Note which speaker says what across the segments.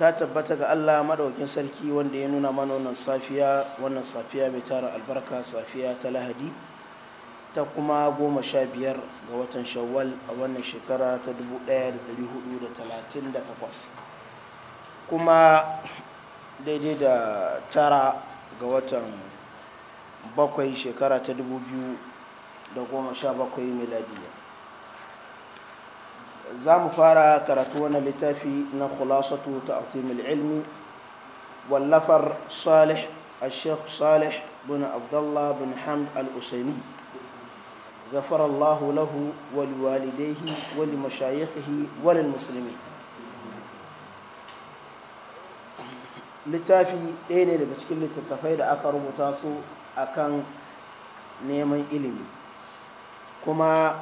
Speaker 1: ta tabbata ga Allah maɗaukin sarki wanda ya nuna mana wannan safiya wannan safiya mai tara albarka safiya ta lahadi ta kuma goma sha biyar ga watan shawwal a wannan shekara ta 1438 kuma daidai da tara ga watan bakwai shekara ta 2017 miladiya za mu fara karatu wani littafi na khulasatu ta azimul ilmi wallafar salih الشيخ صالح bin عبد الله بن حمد lahu غفر الله wali ولوالديه wali وللمسلمين littafi ɗaya ne daga cikin littattafai da aka rubuta su akan kan neman ilimi kuma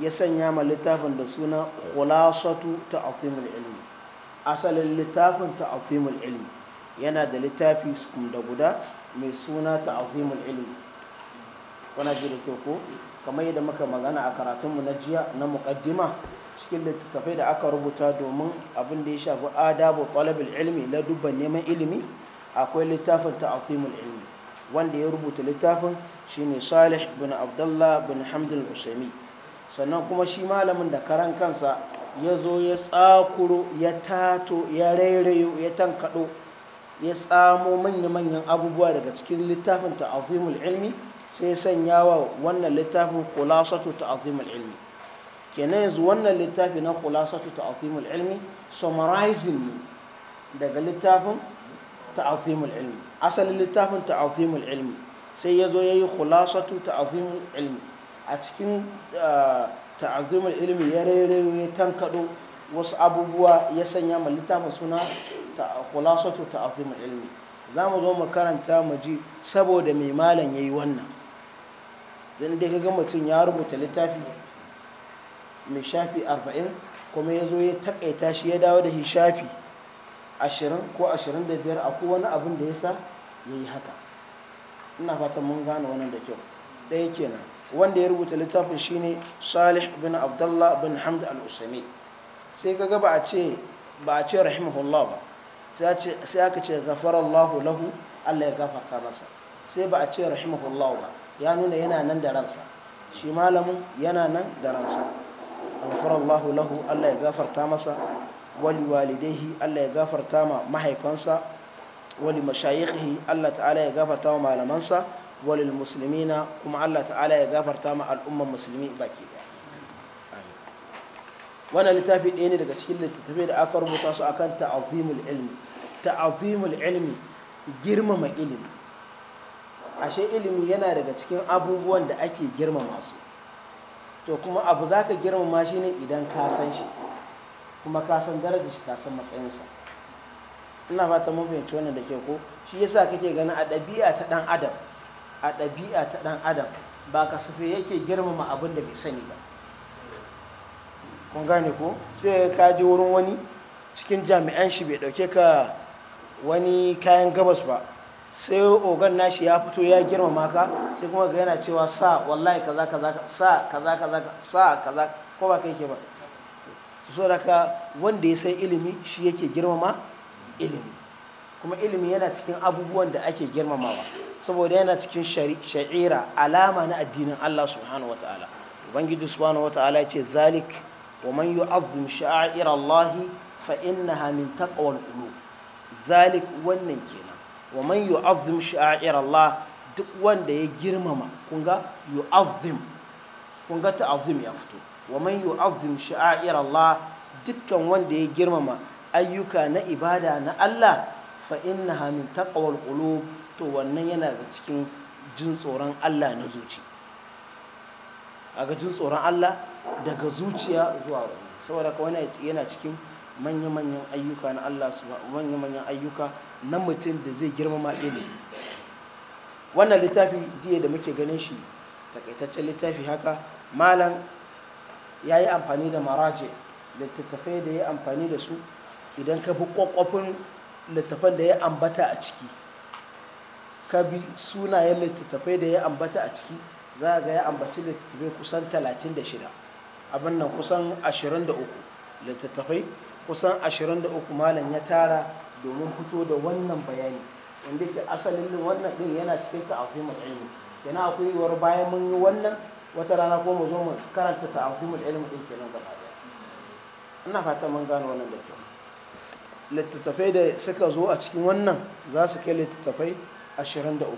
Speaker 1: ya sanya ma littafin da suna khulasatu ta'zimul ilmi asalin littafin ta'zimul ilmi yana da littafi da guda mai suna ta'zimul ilmi wana ji da ko kamar yadda muka magana a karatunmu na jiya na muqaddima cikin littattafai da aka rubuta domin abin da ya shafi adabu talabul ilmi na dubban neman ilimi akwai littafin ta'zimul ilmi wanda ya rubuta littafin shine Salih bin Abdullah bin Hamdul Usaimi sannan kuma shi malamin da karan kansa ya zo ya tsakuro ya tato ya rairayo ya tankaɗo ya tsamo manya-manyan abubuwa daga cikin littafin ta'azimul ilmi sai sanya wa wannan littafin kulasatu ta'azimul ilmi kenan yanzu wannan littafi na kulasatu ta'azimul ilmi summarizing ne daga littafin ta'azimul ilmi asalin littafin ta'azimul ilmi sai ya zo ya yi kulasatu ta'azimul ilmi a cikin eh, ta'azumar ilimi ya rere tankaɗo wasu abubuwa ya sanya ma littafin suna ta khulasatu ta'azumar ilimi za mu zo mu karanta mu ji saboda mai malam ya yi wannan don dai ga mutum ya rubuta littafi mai shafi arba'in kuma ya zo ya takaita shi ya dawo da shi shafi ashirin ko ashirin da biyar akwai wani abin da ya sa ya yi haka ina fatan mun gane wannan da kyau ɗaya kenan wanda ya rubuta littafin shine salih bin abdullah bin hamd al-usami sai kaga ba a ce ba a ce rahimahullah ba sai aka ce ghafarallahu lahu Allah ya gafarta masa sai ba a ce rahimahullah ba ya nuna yana nan da ransa shi malamin yana nan da ransa ghafarallahu lahu Allah ya gafarta masa wali walidaihi Allah ya gafarta ma mahaifansa wali mashayikhi Allah ta'ala ya gafarta wa malamansa walil na kuma Allah ta'ala ya gafarta ma al'ummar musulmi baki daya wannan littafi ɗaya ne daga cikin littattafai da aka rubuta su akan ta'azimul ilmi ta'azimul ilmi girmama ilimi ashe ilimi yana daga cikin abubuwan da ake girmama su to kuma abu za girmama shi ne idan ka san shi kuma ka san shi ka matsayinsa ina fata mun fahimci da ke ko shi yasa kake ganin a ɗabi'a ta ɗan adam a ɗabi'a ta ɗan adam ba sufe yake girmama abin da bai sani ba kun gane ko sai ka je wurin wani cikin jami'an shi bai ɗauke ka wani kayan gabas ba sai ogan nashi ya fito ya girmama ka sai kuma ga yana cewa sa wallahi kaza kaza sa kaza kaza sa kaza ko ba kai ke ba Su so daga wanda ya san ilimi shi yake girmama ilimi kuma ilimi yana cikin abubuwan da ake girmamawa saboda yana cikin sha'ira alama na addinin Allah subhanahu wa ta'ala ubangiji subhanahu wa ta'ala ya ce zalik wa man yu'azzim sha'air Allah fa innaha min taqwal qulub zalik wannan kenan wa man yu'azzim sha'air Allah duk wanda ya girmama kunga ga yu'azzim Kunga ga ta'azzim ya fito wa man yu'azzim sha'air Allah dukkan wanda ya girmama ayyuka na ibada na Allah fa innaha min taqwal qulub to wannan yana da cikin jin tsoron Allah na zuci jin tsoron Allah daga zuciya zuwa wani saboda ka wani yana cikin manya-manyan ayyuka na Allah su manya-manyan ayyuka na mutum da zai girmama ilimi wannan littafi diya da muke ganin shi takaitaccen littafi haka malam ya yi amfani da maraje littattafai da ya amfani da su idan ka fi kwakwafin littafan da ya ambata a ciki ka bi sunayen littattafai da ya ambata a ciki za ga ya ambaci littattafai kusan 36 abin nan kusan 23 littattafai kusan 23 malam ya tara domin fito da wannan bayani wanda ke asalin wannan din yana cikin ta'azimul ilmi yana akwai yiwuwar bayan mun yi wannan wata rana ko mu zo mu karanta ta'azimul ilmi din kenan gaba daya ina fata mun gano wannan da kyau littattafai da suka zo a cikin wannan za su kai littattafai 23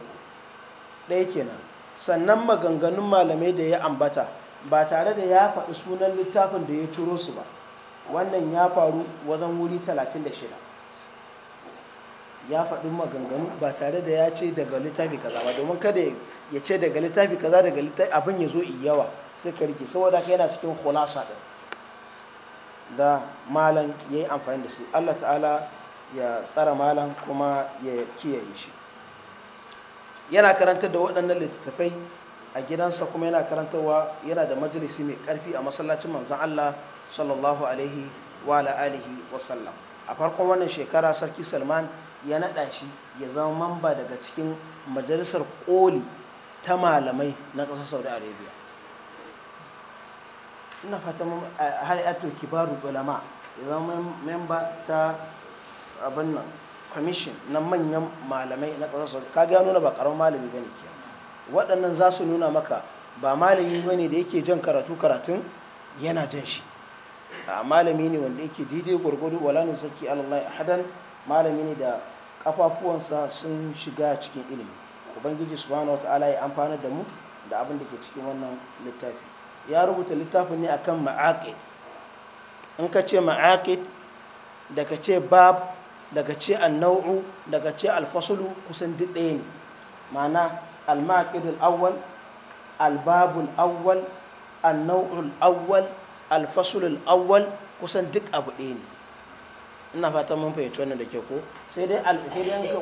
Speaker 1: ɗaya kenan sannan maganganun malamai da ya ambata ba tare da ya faɗi sunan littafin da ya ciro su ba wannan ya faru wajen wuri 36 ya faɗi maganganu ba tare da ya ce daga littafi kaza ba domin kada ya ce daga littafi kaza daga littafi abin ya zo yawa sai ka rike saboda ka yana cikin kulasa ɗin da malam ya yi amfani da su allah ta'ala ya tsara malam kuma ya kiyaye shi yana karantar da waɗannan littattafai a gidansa kuma yana karantarwa yana da majalisi mai ƙarfi a masallacin manzan Allah sallallahu alaihi wa alihi wa sallam a farkon wannan shekara sarki Salman ya naɗa shi ya zama mamba daga cikin majalisar koli ta malamai na ƙasar Saudi Arabia ina fatan hay'atul kibaru ulama ya zama memba ta abin nan permission na manyan malamai na ƙasar ka gano nuna ba ƙaramin malami bane ke waɗannan za su nuna maka ba malami bane da yake jan karatu karatun yana jan shi malami ne wanda yake daidai gwargwado wala nusaki a hadan malami ne da kafafuwansa sun shiga cikin ilimi ubangiji subhanahu ala ya amfana da mu da abin da ke cikin wannan littafi ya rubuta littafin ne akan ma'aqid in ka ce ma'aqid da ka ce bab daga ce annau'u daga ce alfasulu kusan duk ɗaya ne ma'ana almaƙidul awwal albabul awwal annau'ul awwal alfasulul awwal kusan duk abu ɗaya ne ina fatan mun fahimci wannan da ke ko sai dai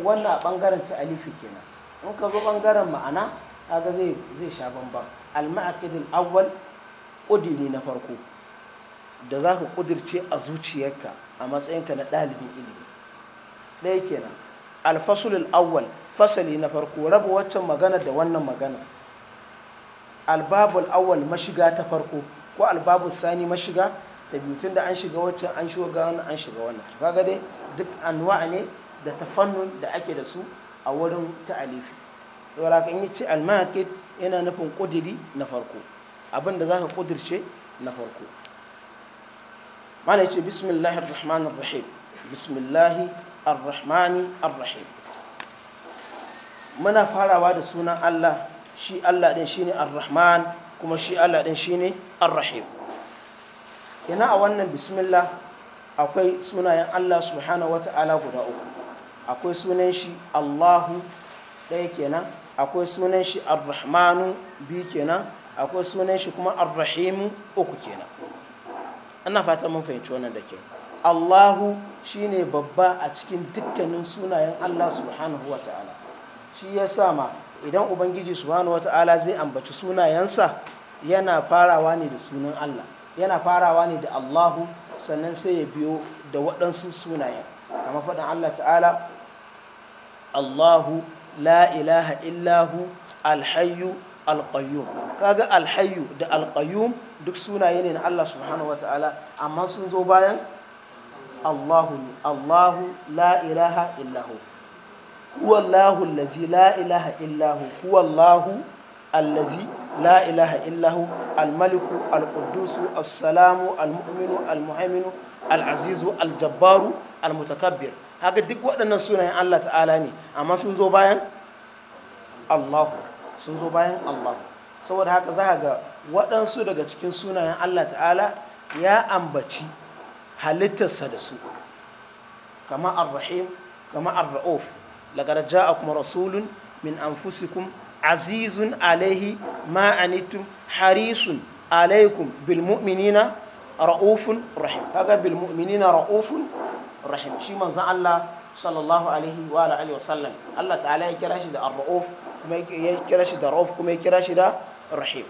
Speaker 1: wannan a ɓangaren ta'alifi kenan in ka zo bangaren ma'ana kaga zai zai sha bambam awal awwal ƙudiri na farko da za ka ƙudirce a zuciyarka a matsayinka na ɗalibin ilimi ɗaya kenan alfasulul awwal fasali na farko raba waccan magana da wannan magana albabul awwal mashiga ta farko ko albabul sani mashiga ta biyu tunda an shiga waccan an shiga wannan an shiga wannan kaga dai duk anwa'a ne da tafannun da ake da su a wurin ta'alifi saboda haka in yi ce almaqid yana nufin kudiri na farko abin da ka kudirce na farko mana yace bismillahir rahmanir rahim bismillahi ar-rahmani ar-rahim muna farawa da sunan Allah shi Allah din shine ar-rahman kuma shi Allah din shine ar-rahim yana a wannan bismillah akwai sunayen Allah subhanahu wata'ala guda uku akwai sunan shi Allahu ɗaya kenan akwai sunan shi ar rahman biyu kenan akwai sunan shi kuma ar rahim uku kenan ana fata mun fahimci wannan da ke Allahu shine babba a cikin dukkanin sunayen Allah subhanahu wa ta'ala shi ya sama idan ubangiji subhanahu wa ta'ala zai ambaci sunayensa yana farawa ne da sunan Allah yana farawa ne da Allahu sannan sai ya biyo da waɗansu sunayen Kama faɗin Allah ta'ala Allahu la ilaha illahu alhayyu Ka kaga alhayyu da alqayyum duk sunaye ne na Allah subhanahu wa ta'ala amma sun zo bayan Allahu ne Allahu la ilaha illahu huwa Allahu allazi la ilaha illahu huwa Allahu allazi la ilaha illahu almaliku alqudusu assalamu almu'minu almuhaiminu al'azizu aljabbaru almutakabbir haka duk waɗannan sunayen Allah ta'ala ne amma sun zo bayan Allahu sun zo bayan Allahu saboda haka za ga waɗansu daga cikin sunayen Allah ta'ala ya ambaci halittarsa da su kama ar-rahim kama ar-ra'uf laqad ja'akum rasulun min anfusikum azizun alaihi ma anittum harisun alaikum bil mu'minina ra'ufun rahim kaga bil mu'minina ra'ufun rahim shi manzon Allah sallallahu alaihi wa alihi wa sallam Allah ta'ala ya kira shi da ar-ra'uf kuma ya kira shi da ra'uf kuma ya kira shi da rahim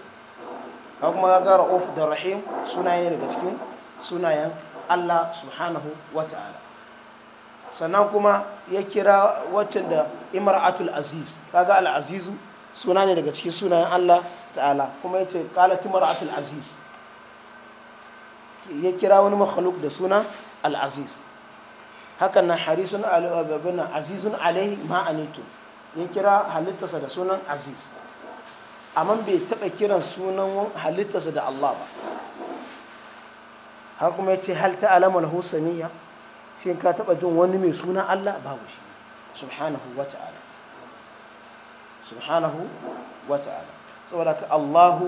Speaker 1: kuma kaga ra'uf da rahim sunaye ne daga cikin sunayen Allah subhanahu wa ta'ala sannan kuma ya kira waccan da imaratul aziz kaga al’azizu suna ne daga cikin sunayen Allah ta'ala kuma ya ce kala timra'atul aziz ya kira wani makhluk da suna al'aziz hakan na harisun al'ababin azizun alaihi ma'anitu ya kira halittarsa da sunan aziz amma bai taɓa kiran sunan halittarsa da Allah ba har kuma ya ce hal ta alamar husaniya shi ka taba jin wani mai suna Allah babu shi subhanahu wa ta'ala subhanahu wa ta'ala saboda ka Allahu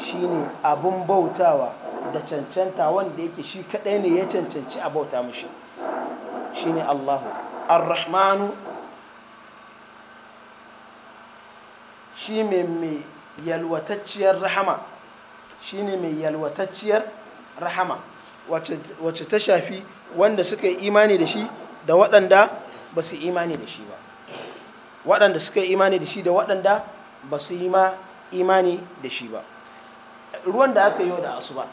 Speaker 1: shine abun bautawa da cancanta wanda yake shi kaɗai ne ya cancanci a bauta mushi shine Allahu ar-rahmanu shi mai yalwatacciyar rahama shi ne mai yalwatacciyar rahama wacce ta shafi wanda suka yi imani da shi da waɗanda ba su imani da shi ba waɗanda suka yi imani da shi da waɗanda ba su yi ma imani da shi ba ruwan da aka yi da asuba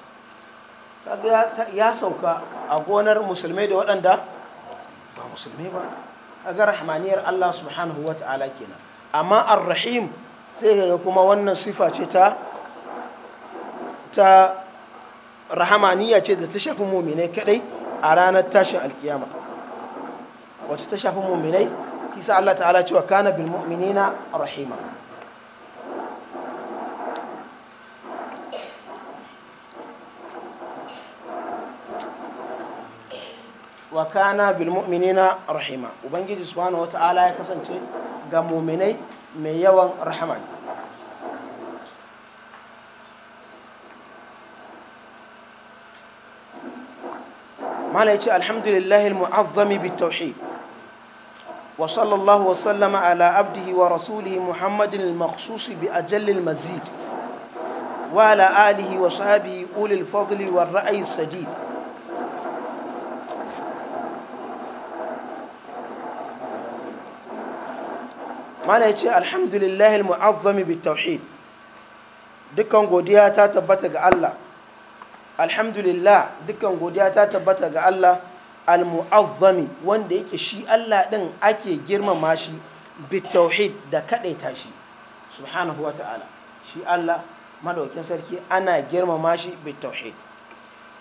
Speaker 1: ya sauka a gonar musulmai da waɗanda ba musulmai ba a ga rahmaniyar Allah subhanahu wa ta'ala kenan amma ar-rahim sai ga kuma wannan sifa ce ta ta rahamaniya ce da ta shafi muminai kadai a ranar tashin alkiyama wacce ta shafi muminai sa Allah ta'ala cewa kana bil mu'minina rahima wa kana bil mu'minina rahima ubangiji subhanahu wata'ala ya kasance ga muminai mai yawan rahama ya ce alhamdulillahi almu'azzami bitauhid wa sallallahu wa sallama ala abdihi wa rasulihi muhammadin almaqsus bi ajallil mazid wa ala alihi wa sahbihi ulil fadli war ra'yi sadid mana ya ce alhamdulillahi mu'azzami bitauhid dukkan godiya ta tabbata ga Allah alhamdulillah dukkan godiya ta tabbata ga Allah al wanda yake shi Allah din ake girmama shi tauhid da kadaita shi subhanahu wa ta'ala shi Allah madaukin sarki ana girmama shi bitauhid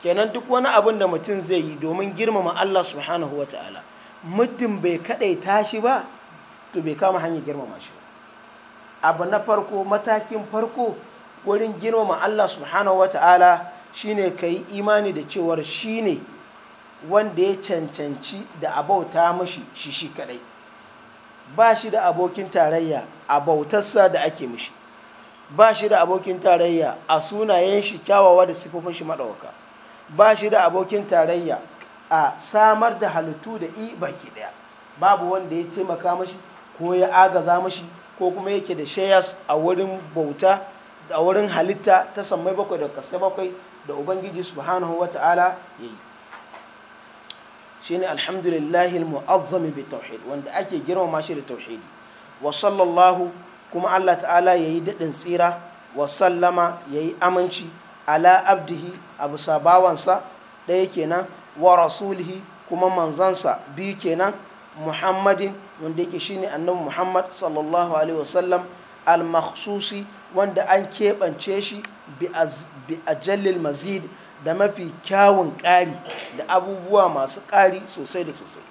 Speaker 1: kenan duk wani abin da mutum zai yi domin girmama Allah subhanahu wa ta'ala mutum bai kadaita shi ba to bai kama hanyar girmama shi abu na farko matakin farko wurin girmama Allah subhanahu wa ta'ala shine ka yi imani da cewar shi ne wanda ya cancanci da abauta mashi shi shi kadai ba shi da abokin tarayya a bautarsa da ake mashi ba shi da abokin tarayya a sunayen shi kyawawa da sifofin shi maɗauka ba shi da abokin tarayya a samar da halittu da i baki daya babu wanda ya taimaka mashi ko ya agaza mashi ko kuma yake da shayas a wurin bauta a wurin halitta ta sammai bakwai da kasai bakwai da ubangiji subhanahu wa ta'ala yayi shine alhamdulillahi almu'azzam bi tauhid wanda ake girmama shi da tauhidi wa sallallahu kuma Allah ta'ala yayi daɗin tsira wa sallama yayi aminci ala abdihi abu sabawansa ɗaya kenan wa rasulihi kuma manzansa biyu kenan muhammadin wanda yake shine annabi muhammad sallallahu alaihi wasallam al-makhsusi wanda an keɓance shi bi ajallil mazid da mafi kyawun ƙari da abubuwa masu ƙari sosai da sosai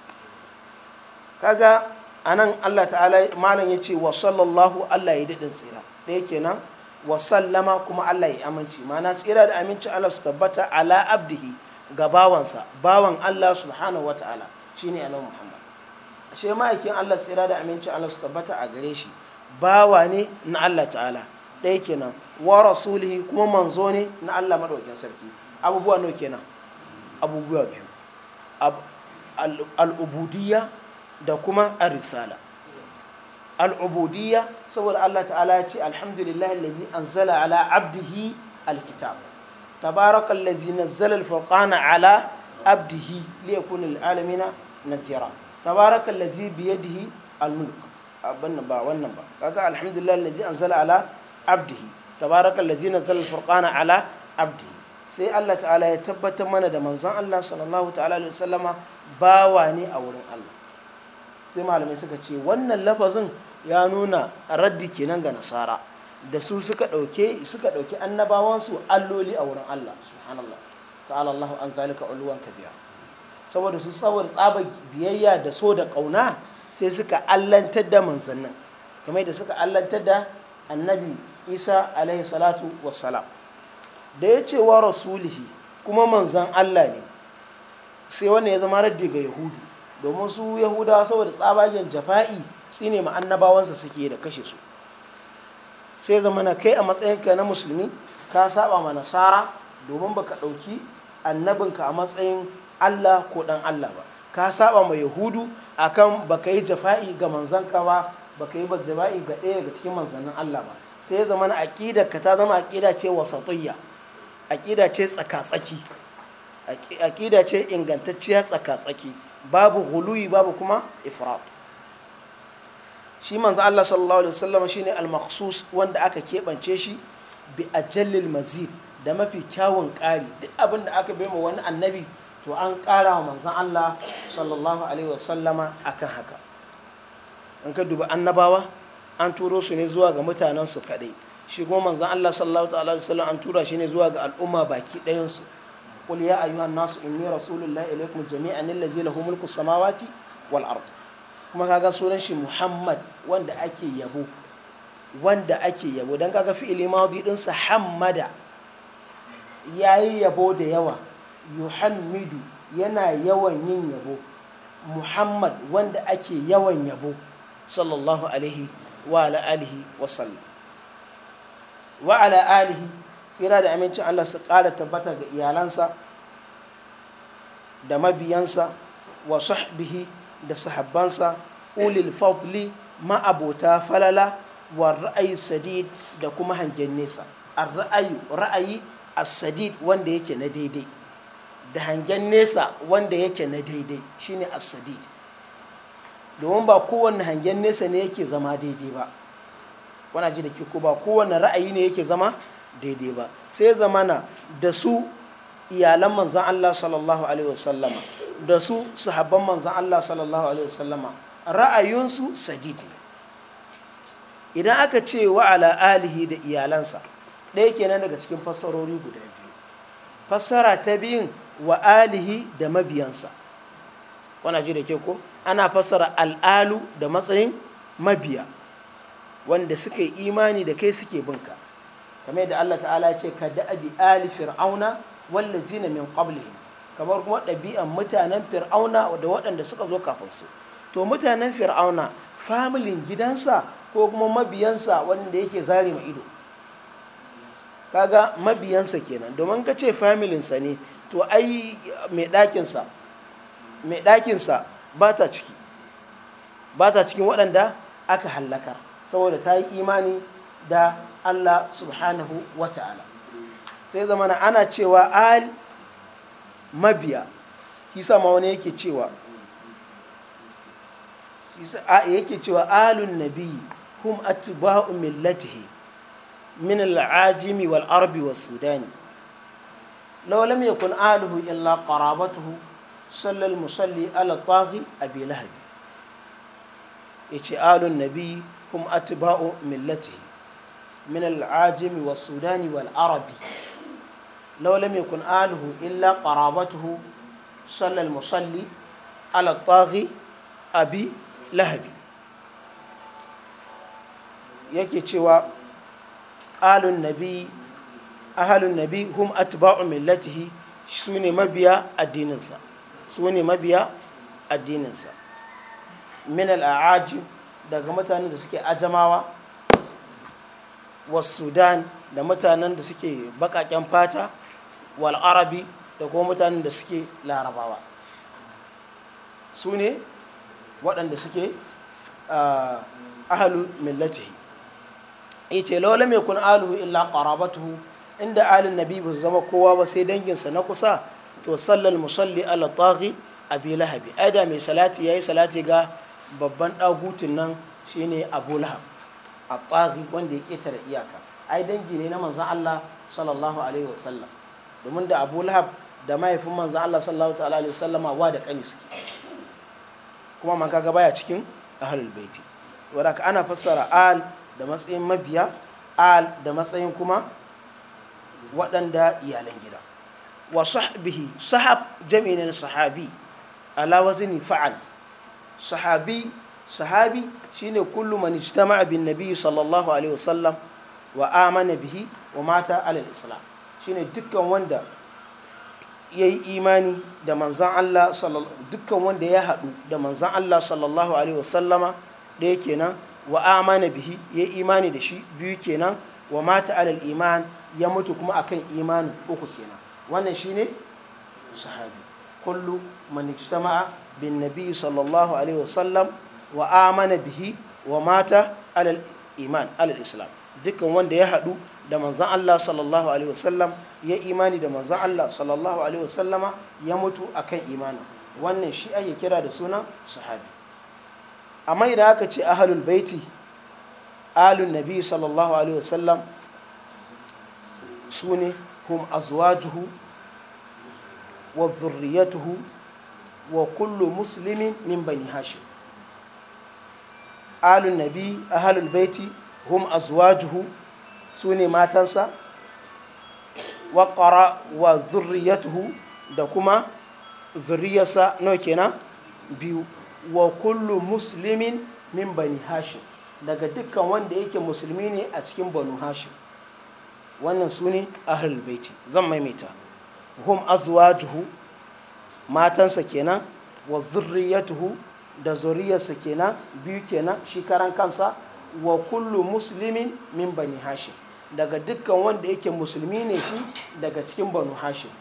Speaker 1: kaga anan Allah ta'ala malam yace wa sallallahu Allah ya daɗin tsira ɗaya nan wa sallama kuma Allah ya aminci mana tsira da aminci Allah su tabbata ala abdihi ga bawansa bawan Allah subhanahu wa ta'ala shine annabi Muhammad ashe ma'aikin Allah tsira da aminci Allah su tabbata a gare shi bawa ne na Allah ta'ala ɗaya kenan wa rasulihi kuma manzo ne na Allah madaukakin sarki abubuwa nawa kenan abubuwa biyu al'ubudiyya da kuma ar-risala al'ubudiyya saboda Allah ta'ala ya ce alhamdulillah alladhi anzala ala abdihi alkitab tabaraka alladhi nazzala al-furqana ala abdihi liyakuna lil alamin nazira tabaraka alladhi bi yadihi al-mulk abin ba wannan ba kaga alhamdulillah alladhi anzala ala abdihi tabaraka ladzi nazzala al-furqana ala abdihi sai Allah ta'ala ya tabbatar mana da manzon Allah sallallahu ta'ala alaihi wasallama bawa ne a wurin Allah sai malamai suka ce wannan lafazin ya nuna raddi kenan ga nasara da su suka dauke suka dauke annabawansu alloli a wurin Allah subhanallah ta'ala Allahu an zalika uluwan kabiya saboda su saboda tsaba biyayya da so da kauna sai suka allantar da manzannin kamar da suka allantar da annabi isa alaihi salatu wassalam da ya ce wa rasulihi kuma manzan allah ne sai wannan ya zama raddi ga yahudu domin su yahudawa saboda tsabagen jafa'i tsine ma annabawansa suke da kashe su sai zama na kai a matsayinka na musulmi ka saba ma nasara domin baka ɗauki annabinka a matsayin allah ko dan allah ba ka saba ma yahudu akan baka yi jafa'i ga manzanka ba baka yi jafa'i ga ɗaya daga cikin manzannin allah ba sai zama na aƙida ka ta zama aƙida ce aƙidace aƙida ce aƙida ce ingantacciya tsaka-tsaki babu huluyi babu kuma ifrat shi manzo Allah sallallahu alaihi wasallam shine al-makhsus wanda aka keɓance shi bi ajallil mazid da mafi kyawun ƙari duk abin da aka bai wani annabi to an ƙara wa manzan Allah sallallahu alaihi wasallama akan haka in ka duba annabawa an turo su ne zuwa ga mutanensu kaɗai shi kuma manzan Allah sallallahu ta'ala wa an tura shi ne zuwa ga al'umma baki ɗayansu qul ya ayyuhan nasu inni rasulullahi ilaykum jami'an allazi lahu mulku samawati wal ard kuma kaga sunan shi Muhammad wanda ake yabo wanda ake yabo dan kaga fi'ili madi din sa hammada yayi yabo da yawa yuhammidu yana yawan yin yabo Muhammad wanda ake yawan yabo sallallahu alaihi وعلى آله wa وعلى آله tsira da amincin Allah su ƙara tabbata ga iyalansa da mabiyansa wa sahbihi da sahabbansa ulil fadli ma'abota falala wa ra'ayi sadid da kuma hangen nesa ra'ayi ra'ayi as-sadid wanda yake na daidai da hangen nesa wanda yake na daidai shine as-sadid domin ba kowanne hangen nesa ne yake zama daidai ba wana ji da ke ko ba kowanne ra'ayi ne yake zama daidai ba sai zama na da su iyalan manzan Allah sallallahu alaihi wasallama da su sahabban manzan Allah sallallahu alaihi wasallama ra'ayinsu sadid idan aka ce wa ala alihi da iyalansa ɗaya kenan daga cikin fassarori guda biyu fassara ta biyun wa alihi da mabiyansa wana ji da ke ko ana fassara al'alu da matsayin mabiya wanda suka yi imani da kai suke binka kamar yadda Allah ta'ala ce ka da'abi ali fir'auna wanda zina min qablihim kamar kuma ɗabi'an mutanen fir'auna da waɗanda suka zo kafin su to mutanen fir'auna familin gidansa ko kuma mabiyansa wanda yake zare ma ido kaga mabiyansa kenan domin ka ce familinsa ne to ai mai ɗakinsa mai ɗakinsa ba ta ciki ba ta cikin waɗanda aka hallaka saboda ta yi imani da Allah subhanahu wa ta'ala sai zamana ana cewa al mabiya kisa ma wani yake cewa yake cewa alun nabi hum atba'u millatihi min al'ajimi wal arbi wa sudani law lam yakun aluhu illa qarabatuhu sallal musalli ala taghi abi lahab yace alun nabi hum atba'u millatihi min al-ajim wa sudani wal arabi law lam yakun aluhu illa qarabatuhu sallal musalli ala taghi abi lahab yake cewa alun nabi ahalun nabi hum atba'u millatihi su ne mabiya addininsa su ne mabiya addininsa min al'ajib daga mutanen da suke ajamawa was sudan da mutanen da suke bakaken fata wal arabi da kuma mutanen da suke larabawa su ne waɗanda suke ahalu millatihi ya ce laula mai kun aluhu illa ƙarabatu inda alin nabi ba zama kowa ba sai danginsa na kusa to sallal musalli ala taghi abi lahabi ai da mai salati yi salati ga babban dagutun nan shine abu lahab a taghi wanda ya ketare iyaka ai dangi ne na manzon Allah sallallahu alaihi wasallam domin da abu lahab da mahaifin manzon Allah sallallahu ta'ala alaihi wasallama wa da kani suke kuma man kaga baya cikin ahlul baiti wanda ana fassara al da matsayin mabiya al da matsayin kuma waɗanda iyalan gida wa sahbihi sahab jami'in sahabi ala wazni fa'al sahabi shine kullum man ijtama'a bin nabiy sallallahu alaihi wasallam wa amana bihi wa mata ala islam shine dukkan wanda yayi imani da manzan Allah dukkan wanda ya haɗu da manzan Allah sallallahu alaihi wasallama da kenan wa amana bihi ya imani da shi biyu kenan wa mata alal iman ya mutu kuma akan imanin uku kenan wannan shine sahabi kullu man ijtama'a bin nabi sallallahu alaihi wasallam wa amana bihi wa mata alal iman alal islam dukkan wanda ya hadu da manzan Allah sallallahu alaihi wasallam ya imani da manzan Allah sallallahu alaihi wasallama ya mutu akan imanin wannan shi ake kira da sunan sahabi amma idan aka ce ahlul baiti alun nabi sallallahu alaihi wasallam su ne هم أزواجه وذريته وكل مسلم من بني هاشم آل النبي أهل البيت هم أزواجه سوني ما تنسى وقرأ وذريته دكما ذريسا نوكينا بيو وكل مسلم من بني هاشم daga dukkan wanda yake musulmi ne a cikin banu hashim wannan su ne ahlul baiti zan maimaita hum azwajuhu matansa kenan wa zurriyatuhu da zuriyarsa kenan biyu kenan shekaran kansa wa kullu muslimin min bani hashim daga dukkan wanda yake musulmi ne shi daga cikin banu hashim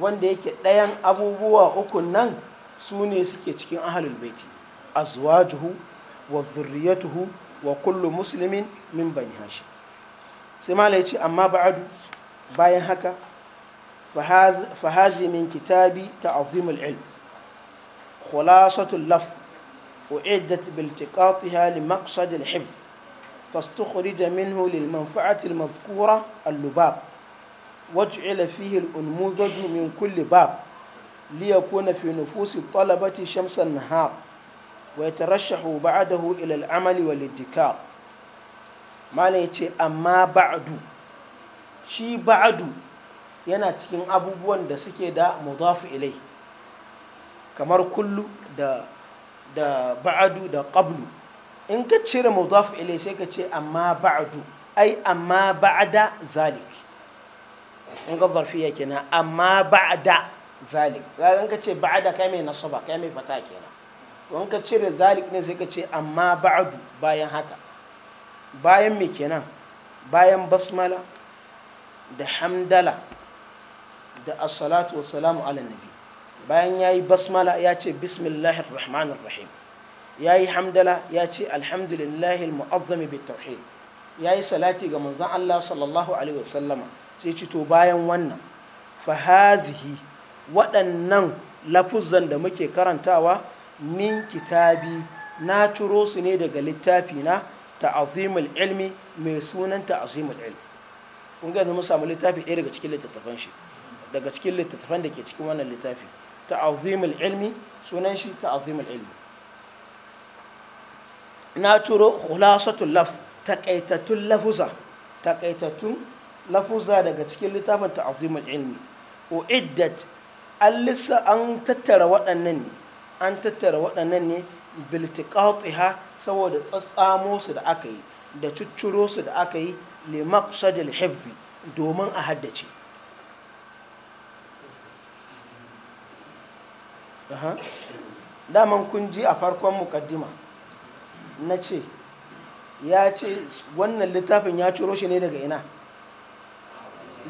Speaker 1: wanda yake ɗayan abubuwa uku nan su ne suke cikin ahalul baiti azwajuhu wa zurriyatuhu wa kullu muslimin min bani hashim sai mala ya ce amma ba'adu bayan haka fahazi min kitabi ta'azim al-ilm khulasatul lafz أعدت بالتقاطها لمقصد الحفظ فاستخرج منه للمنفعة المذكورة اللباب واجعل فيه الأنموذج من كل باب ليكون في نفوس الطلبة شمس النهار ويترشح بعده إلى العمل والادكار malam ya ce amma ba'adu shi ba'adu yana cikin abubuwan da suke da mudafu ilai kamar kullu da ba'adu da qablu in ka cire mudafu ilai sai ka ce amma ba'adu ai amma ba'ada zalik in ga yake kenan amma ba'ada zalik in ka ce ba'ada kai mai nasaba kai mai fata kenan in ka cire zalik ne sai ka ce amma ba'adu bayan haka bayan me kenan bayan basmala da hamdala da assalatu wassalamu ala nabi bayan ya yi basmala ya ce bismillahir rahmanir rahim ya yi hamdala ya ce alhamdulillahi mu'azzami bi tauhid ya yi salati ga manzon Allah sallallahu alaihi wasallama sai ci to bayan wannan fahazihi waɗannan lafuzan da muke karantawa min kitabi na turo su ne daga littafi na ta'azimul ilmi mai sunan ta'azimul ilmi kun ga mun samu littafi ɗaya daga cikin littattafan shi daga cikin littattafan da ke cikin wannan littafi ta'azimul ilmi sunan shi ta'azimul ilmi na turo khulasatul laf taqaitatul lafuza taqaitatun lafuza daga cikin littafin ta'azimul ilmi wa iddat allisa an tattara waɗannan ne an tattara waɗannan ne tiqatiha saboda tsatsamo su da aka yi da cuccuro su da aka yi limak shadil hibbi domin a haddace daman kun ji a farkon mukaddima na ce ya ce wannan littafin ya ciro shi ne daga ina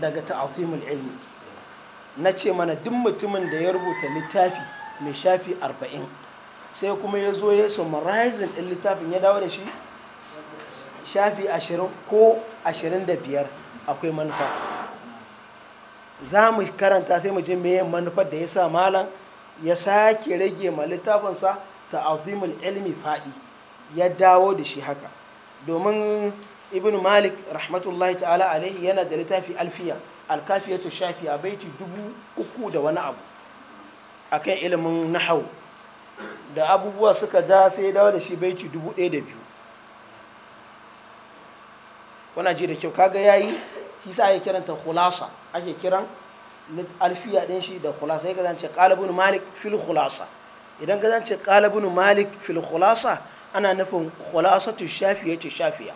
Speaker 1: daga ta'azimul ilmi na ce mana duk mutumin da ya rubuta littafi mai shafi arba'in sai kuma ya zo ya summarizing ɗin littafin ya dawo da shi shafi ashirin ko ashirin da biyar akwai manufa za mu karanta sai mu je meye manufar da ya sa malam ya sake rage ma littafinsa ta azimul ilmi fadi ya dawo da shi haka domin ibn malik rahmatullahi ta'ala alaihi yana da littafi alfiya alkafiyatu shafi a baiti dubu uku da wani abu akan ilimin nahawu da abubuwa suka ja sai dawo da shi baiti dubu ɗaya da biyu wana ji da kyau kaga ya yi shi sa ake kiranta khulasa ake kiran alfiya ɗin shi da khulasa ya zance qalibun malik fil khulasa idan ka zance qalibun malik fil khulasa ana nufin khulasatu shafiya ce shafiya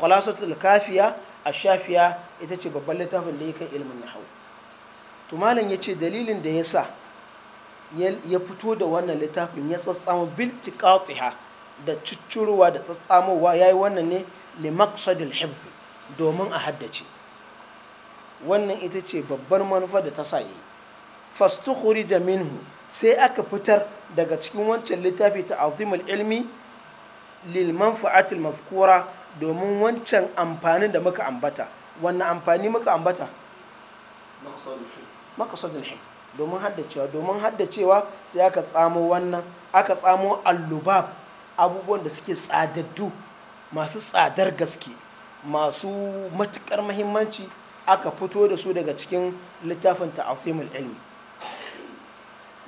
Speaker 1: khulasatul kafiya a shafiya ita ce babban littafin da ya kai ilmin nahwu to malam yace dalilin da yasa ya fito da wannan littafin ya tsatsamo bil da cuccuruwa da tsatsamowa yi wannan ne li maqsadil domin a haddace wannan ita ce babbar manufa da ta saye da minhu sai aka fitar daga cikin wancan littafi ta azimul ilmi lil manfa'atil mazkura domin wancan amfanin da muka ambata wannan amfani muka ambata maqsadul hifz domin haddacewa domin haddacewa sai aka tsamo wannan aka tsamo allubab abubuwan da suke tsadaddu masu tsadar gaske masu matukar mahimmanci aka fito da su daga cikin littafin ta'azimul ilmi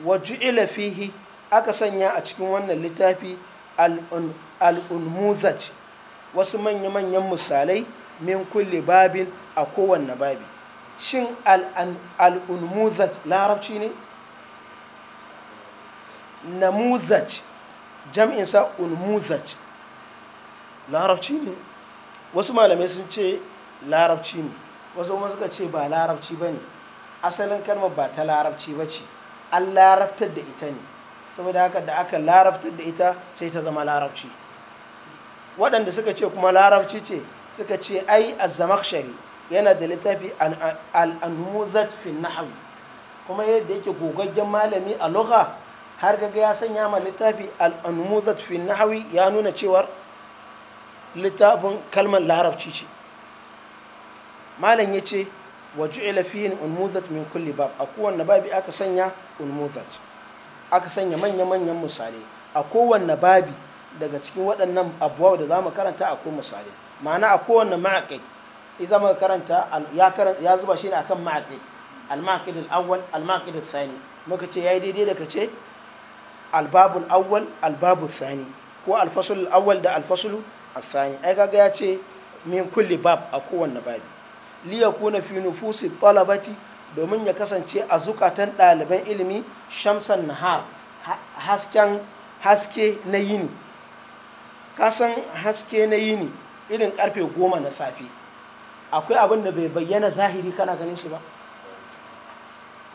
Speaker 1: wa ju'ila fihi aka sanya a cikin wannan littafi al'unmuzaj wasu manya-manyan misalai min kulli babin a kowanne babi shin al'unmuzaj larabci ne namuzaj jam'insa unmuzaj larabci ne wasu malamai sun ce larabci ne wasu kuma suka ce ba larabci ba ne asalin kalmar ba ta larabci ba ce an larabtar da ita ne saboda haka da aka larabtar da ita sai ta zama larabci waɗanda suka ce kuma larabci ce suka ce ai azzamakshari yana da littafi al'anmuzat fi nahawi kuma yadda yake gogaggen malami a lugha har gaga ya sanya ma littafi al'anmuzat fi nahawi ya nuna cewar littafin kalmar larabci ce malam ya ce wa ju'ila fihin unmuzat min kulli bab a kowanne babi aka sanya unmuzat aka sanya manya-manyan misali a kowanne babi daga cikin waɗannan abubuwa da za mu karanta akwai misali ma'ana a kowanne ma'aƙai iza muka karanta ya zuba shi ne akan ma'aqid al-ma'aqid al-awwal al-ma'aqid al-thani muka ce yayi daidai da kace al-babul awwal al-babul thani ko al-fasl al-awwal da al-fasl al-thani ai kaga ya ce min kulli bab a kowanne babi li yakuna fi nufusi talabati domin ya kasance a zukatan ɗaliban ilimi shamsan nahar hasken haske na yini kasan haske na yini irin karfe goma na safe akwai abin da bai bayyana zahiri kana ganin shi ba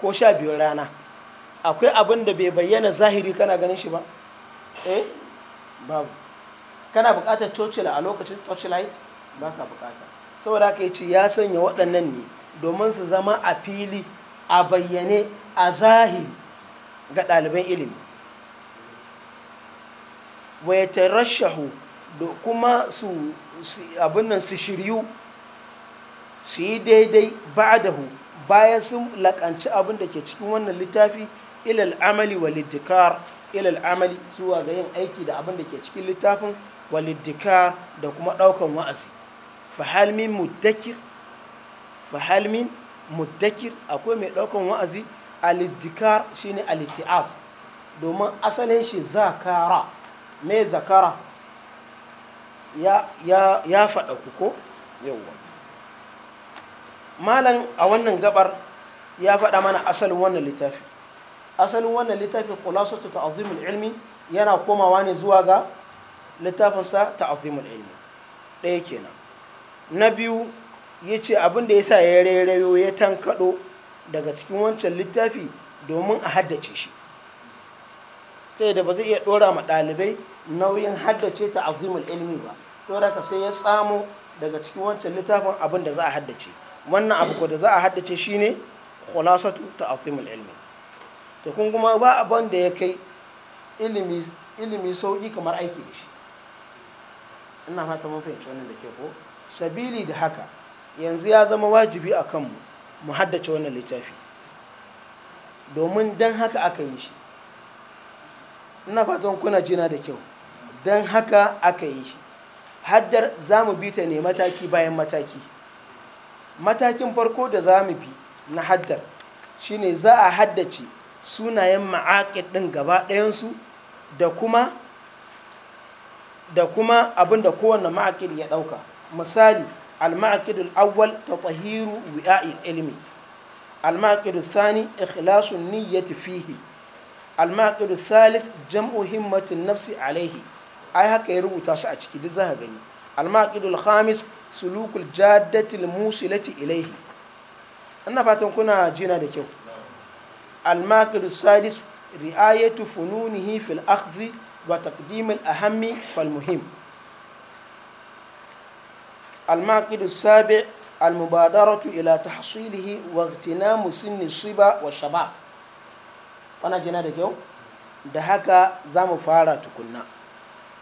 Speaker 1: ko sha biyu rana akwai abin da bai bayyana zahiri kana ganin shi ba eh babu kana buƙatar tocila a lokacin torchlight ba ka buƙata saboda haka ya ce ya sanya waɗannan ne domin su zama a fili a bayyane a zahiri ga ɗaliban ilimi waya ta rashahu kuma su abin nan su shiryu su yi daidai hu bayan sun laƙanci abin da ke cikin wannan littafi ilal amali walidikar ilal amali zuwa ga yin aiki da abin da ke cikin littafin walidikar da kuma ɗaukan wa'azi fahalmin muddakir fahalmin muddakir akwai mai ɗaukan wa'azi a alidikar shine alitiaf domin asalin shi zakara mai zakara ya faɗa ko yawon malam a wannan gabar ya faɗa mana asalin wannan littafi asalin wannan littafi ta ta'zimul ilmi yana komawa ne zuwa ga littafinsa ta'zimul ilmi ɗaya kenan na biyu ya ce abin ya sa ya rairayo ya tankaɗo daga cikin wancan littafi domin a haddace shi ta yadda ba zai iya ɗora ma ɗalibai nauyin haddace ta ilmi ba saboda ka sai ya tsamo daga cikin wancan littafin abin da za a haddace wannan abu da za a haddace shine khulasatu asimul ilmi to kun kuma ba abin da ya kai ilimi ilimi sauki kamar aiki da shi ina fata mun fahimci wannan da ke ko sabili da haka yanzu ya zama wajibi a kanmu mu haddace wannan littafi domin dan haka aka yi shi ina fatan kuna jina da kyau dan haka aka yi shi haddar za mu bi ta ne mataki bayan mataki matakin farko da za mu bi na haddar shine za a haddace sunayen ma'aƙid ɗin gaba ɗayansu da kuma da kuma abin kowane ma'aƙid ya ɗauka misali al al awwal ta tahiru wi'a'i ilmi al Sani thani ikhlasun niyyati fihi al al thalith jam'u himmatin nafsi alaihi ai haka ya rubuta su a ciki duk za ka gani al al khamis sulukul jaddatil musilati ilaihi ina fatan kuna jina da kyau al sadis ri'ayatu fununihi fil akhdhi wa taqdim al ahammi fal muhim المعقد ila المبادرة إلى تحصيله واغتنام سن الصبا والشباب وانا jina da kyau da haka za mu fara tukunna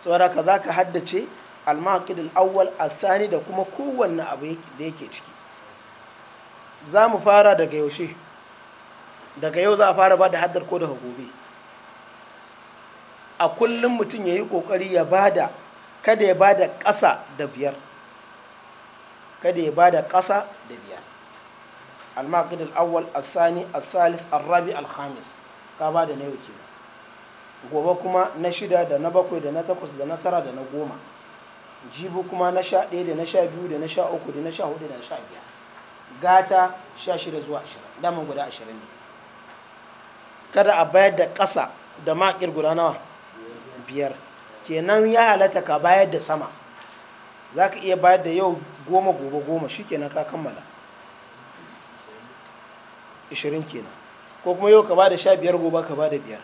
Speaker 1: saboda ka za ka haddace al-maqid al-awwal al da kuma kowanne abu da yake ciki za mu fara daga yaushe daga yau za a fara ba da haddar ko da gobe a kullum mutum ya yi kokari ya bada kada ya bada ƙasa da biyar kada ya bada ƙasa da biyar al-maqid al-awwal al-thani al-thalith al-rabi al ka bada na yau gobe kuma na shida da na bakwai da na takwas da na tara da na goma jibo kuma na sha ɗaya da na sha biyu da na sha uku da na sha hudu da na sha biyar gata sha shida zuwa ashirin daman guda ashirin ne kada a bayar da ƙasa da makir guda nawa biyar kenan ya halatta ka bayar da sama za ka iya bayar da yau goma gobe goma shi kenan ka kammala ashirin kenan ko kuma yau ka ba da sha biyar gobe ka ba da biyar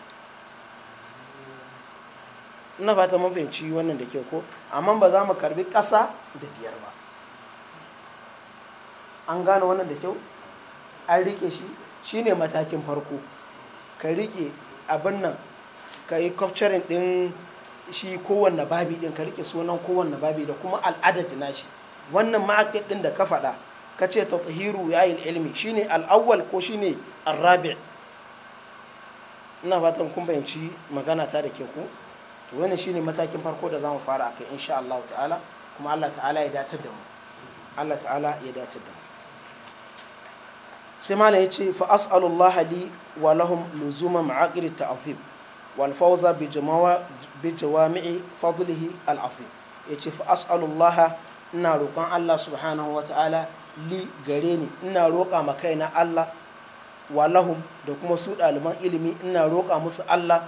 Speaker 1: ina fata mun fahimci wannan da ke ko amma ba za mu karbi ƙasa da biyar ba an gane wannan da kyau an rike shi shi ne matakin farko ka rike abin nan ka yi kwafcarin din shi kowanne babi din ka rike sunan kowanne babi da kuma al'adar na shi wannan ma'aƙid din da ka faɗa ka ce ta tsahiru ya yi ilmi ne al'awwal ko ne al-rabi ina fatan kun bayanci magana ta da ke ku wannan shine matakin farko da zamu fara akai insha Allah ta'ala kuma Allah ta'ala ya datar da mu Allah ta'ala ya datar da mu sai malam yace fa as'alullaha li wa lahum luzuma ma'aqir ta'zim wal fawza bi bi jawami'i fadlihi al azim yace fa as'alullaha ina roƙon Allah subhanahu wa ta'ala li gare ni ina roƙa ma kaina Allah wa lahum da kuma su ɗaliban ilimi ina roƙa musu Allah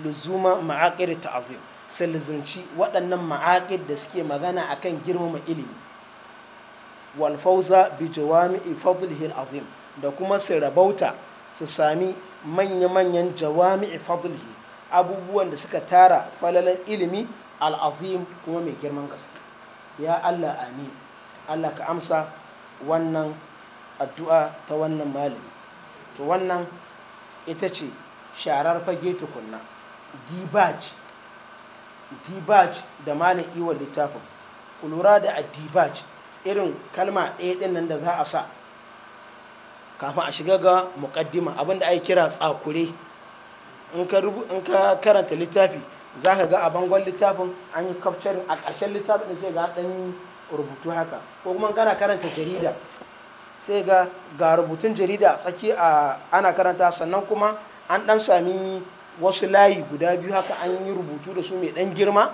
Speaker 1: luzuma ma'aqir ta'azim sai luzunci waɗannan ma'aqid da suke magana akan girmama ilimi walfauza bi jawami'i fadlihi azim da kuma su rabauta su sami manya-manyan jawami'i fadlihi abubuwan da suka tara falalan ilimi al'azim kuma mai girman gaske ya Allah amin Allah ka amsa wannan addu'a ta wannan malami to wannan ita ce sharar fage tukunna dibaj dibaj da malam iwon littafin kulura da da dibaj irin kalma ɗaya ɗin nan da za a sa kafin a shiga ga muƙaddima abinda ai kira tsakure in ka karanta littafi za ka ga a bangon littafin an yi kafcarin a ƙarshen littafin da sai ga ɗan rubutu haka ko kuma kana karanta jarida sai ga rubutun jarida tsaki a ana karanta sannan kuma an ɗan sami wasu layi guda biyu haka an yi rubutu da su mai dan girma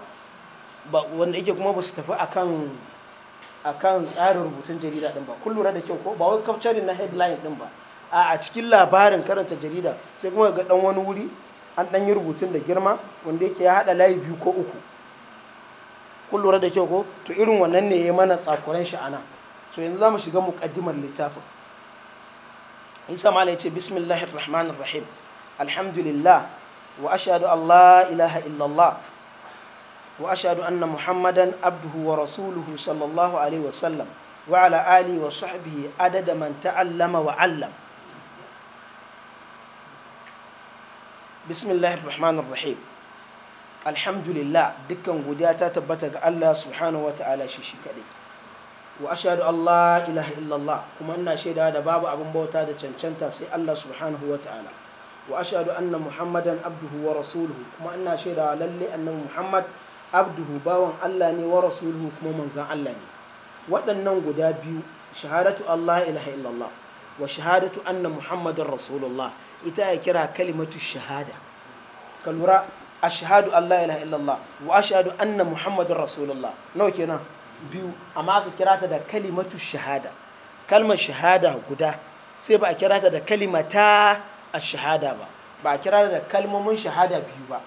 Speaker 1: wanda yake kuma ba su tafi akan tsarin rubutun jarida din ba kun lura da kyau ko ba wai kafcarin na headline din ba a cikin labarin karanta jarida sai kuma ga dan wani wuri an dan yi rubutun da girma wanda yake ya hada layi biyu ko uku kun lura da kyau ko to irin wannan ne ya mana tsakuran sha'ana so yanzu za mu shiga muqaddimar littafin isa mala ya ce bismillahir rahmanir rahim alhamdulillah وأشهد أن لا إله إلا الله وأشهد أن محمدا عبده ورسوله صلى الله عليه وسلم وعلى آله وصحبه عدد من تعلم وعلم بسم الله الرحمن الرحيم الحمد لله دكا وداتا تبتك الله سبحانه وتعالى شيشي كريم wa ashadu Allah ilaha illallah kuma ina shaida da babu abin bauta da cancanta sai Allah subhanahu wa ta'ala wa ashhadu anna muhammadan abduhu wa rasuluhu kuma ina shaidawa lalle anna muhammad abduhu bawan Allah ne wa rasuluhu kuma manzan Allah ne waɗannan guda biyu shahadatu Allah ilaha illallah wa shahadatu anna muhammadan rasulullah ita ya kira kalimatu shahada ka lura ashhadu Allah ilaha illallah wa ashhadu anna muhammadan rasulullah nawa kenan biyu amma aka kira ta da kalimatu shahada kalmar shahada guda sai ba a kira ta da kalimata a shahada ba ba a kira da kalmomin shahada biyu ba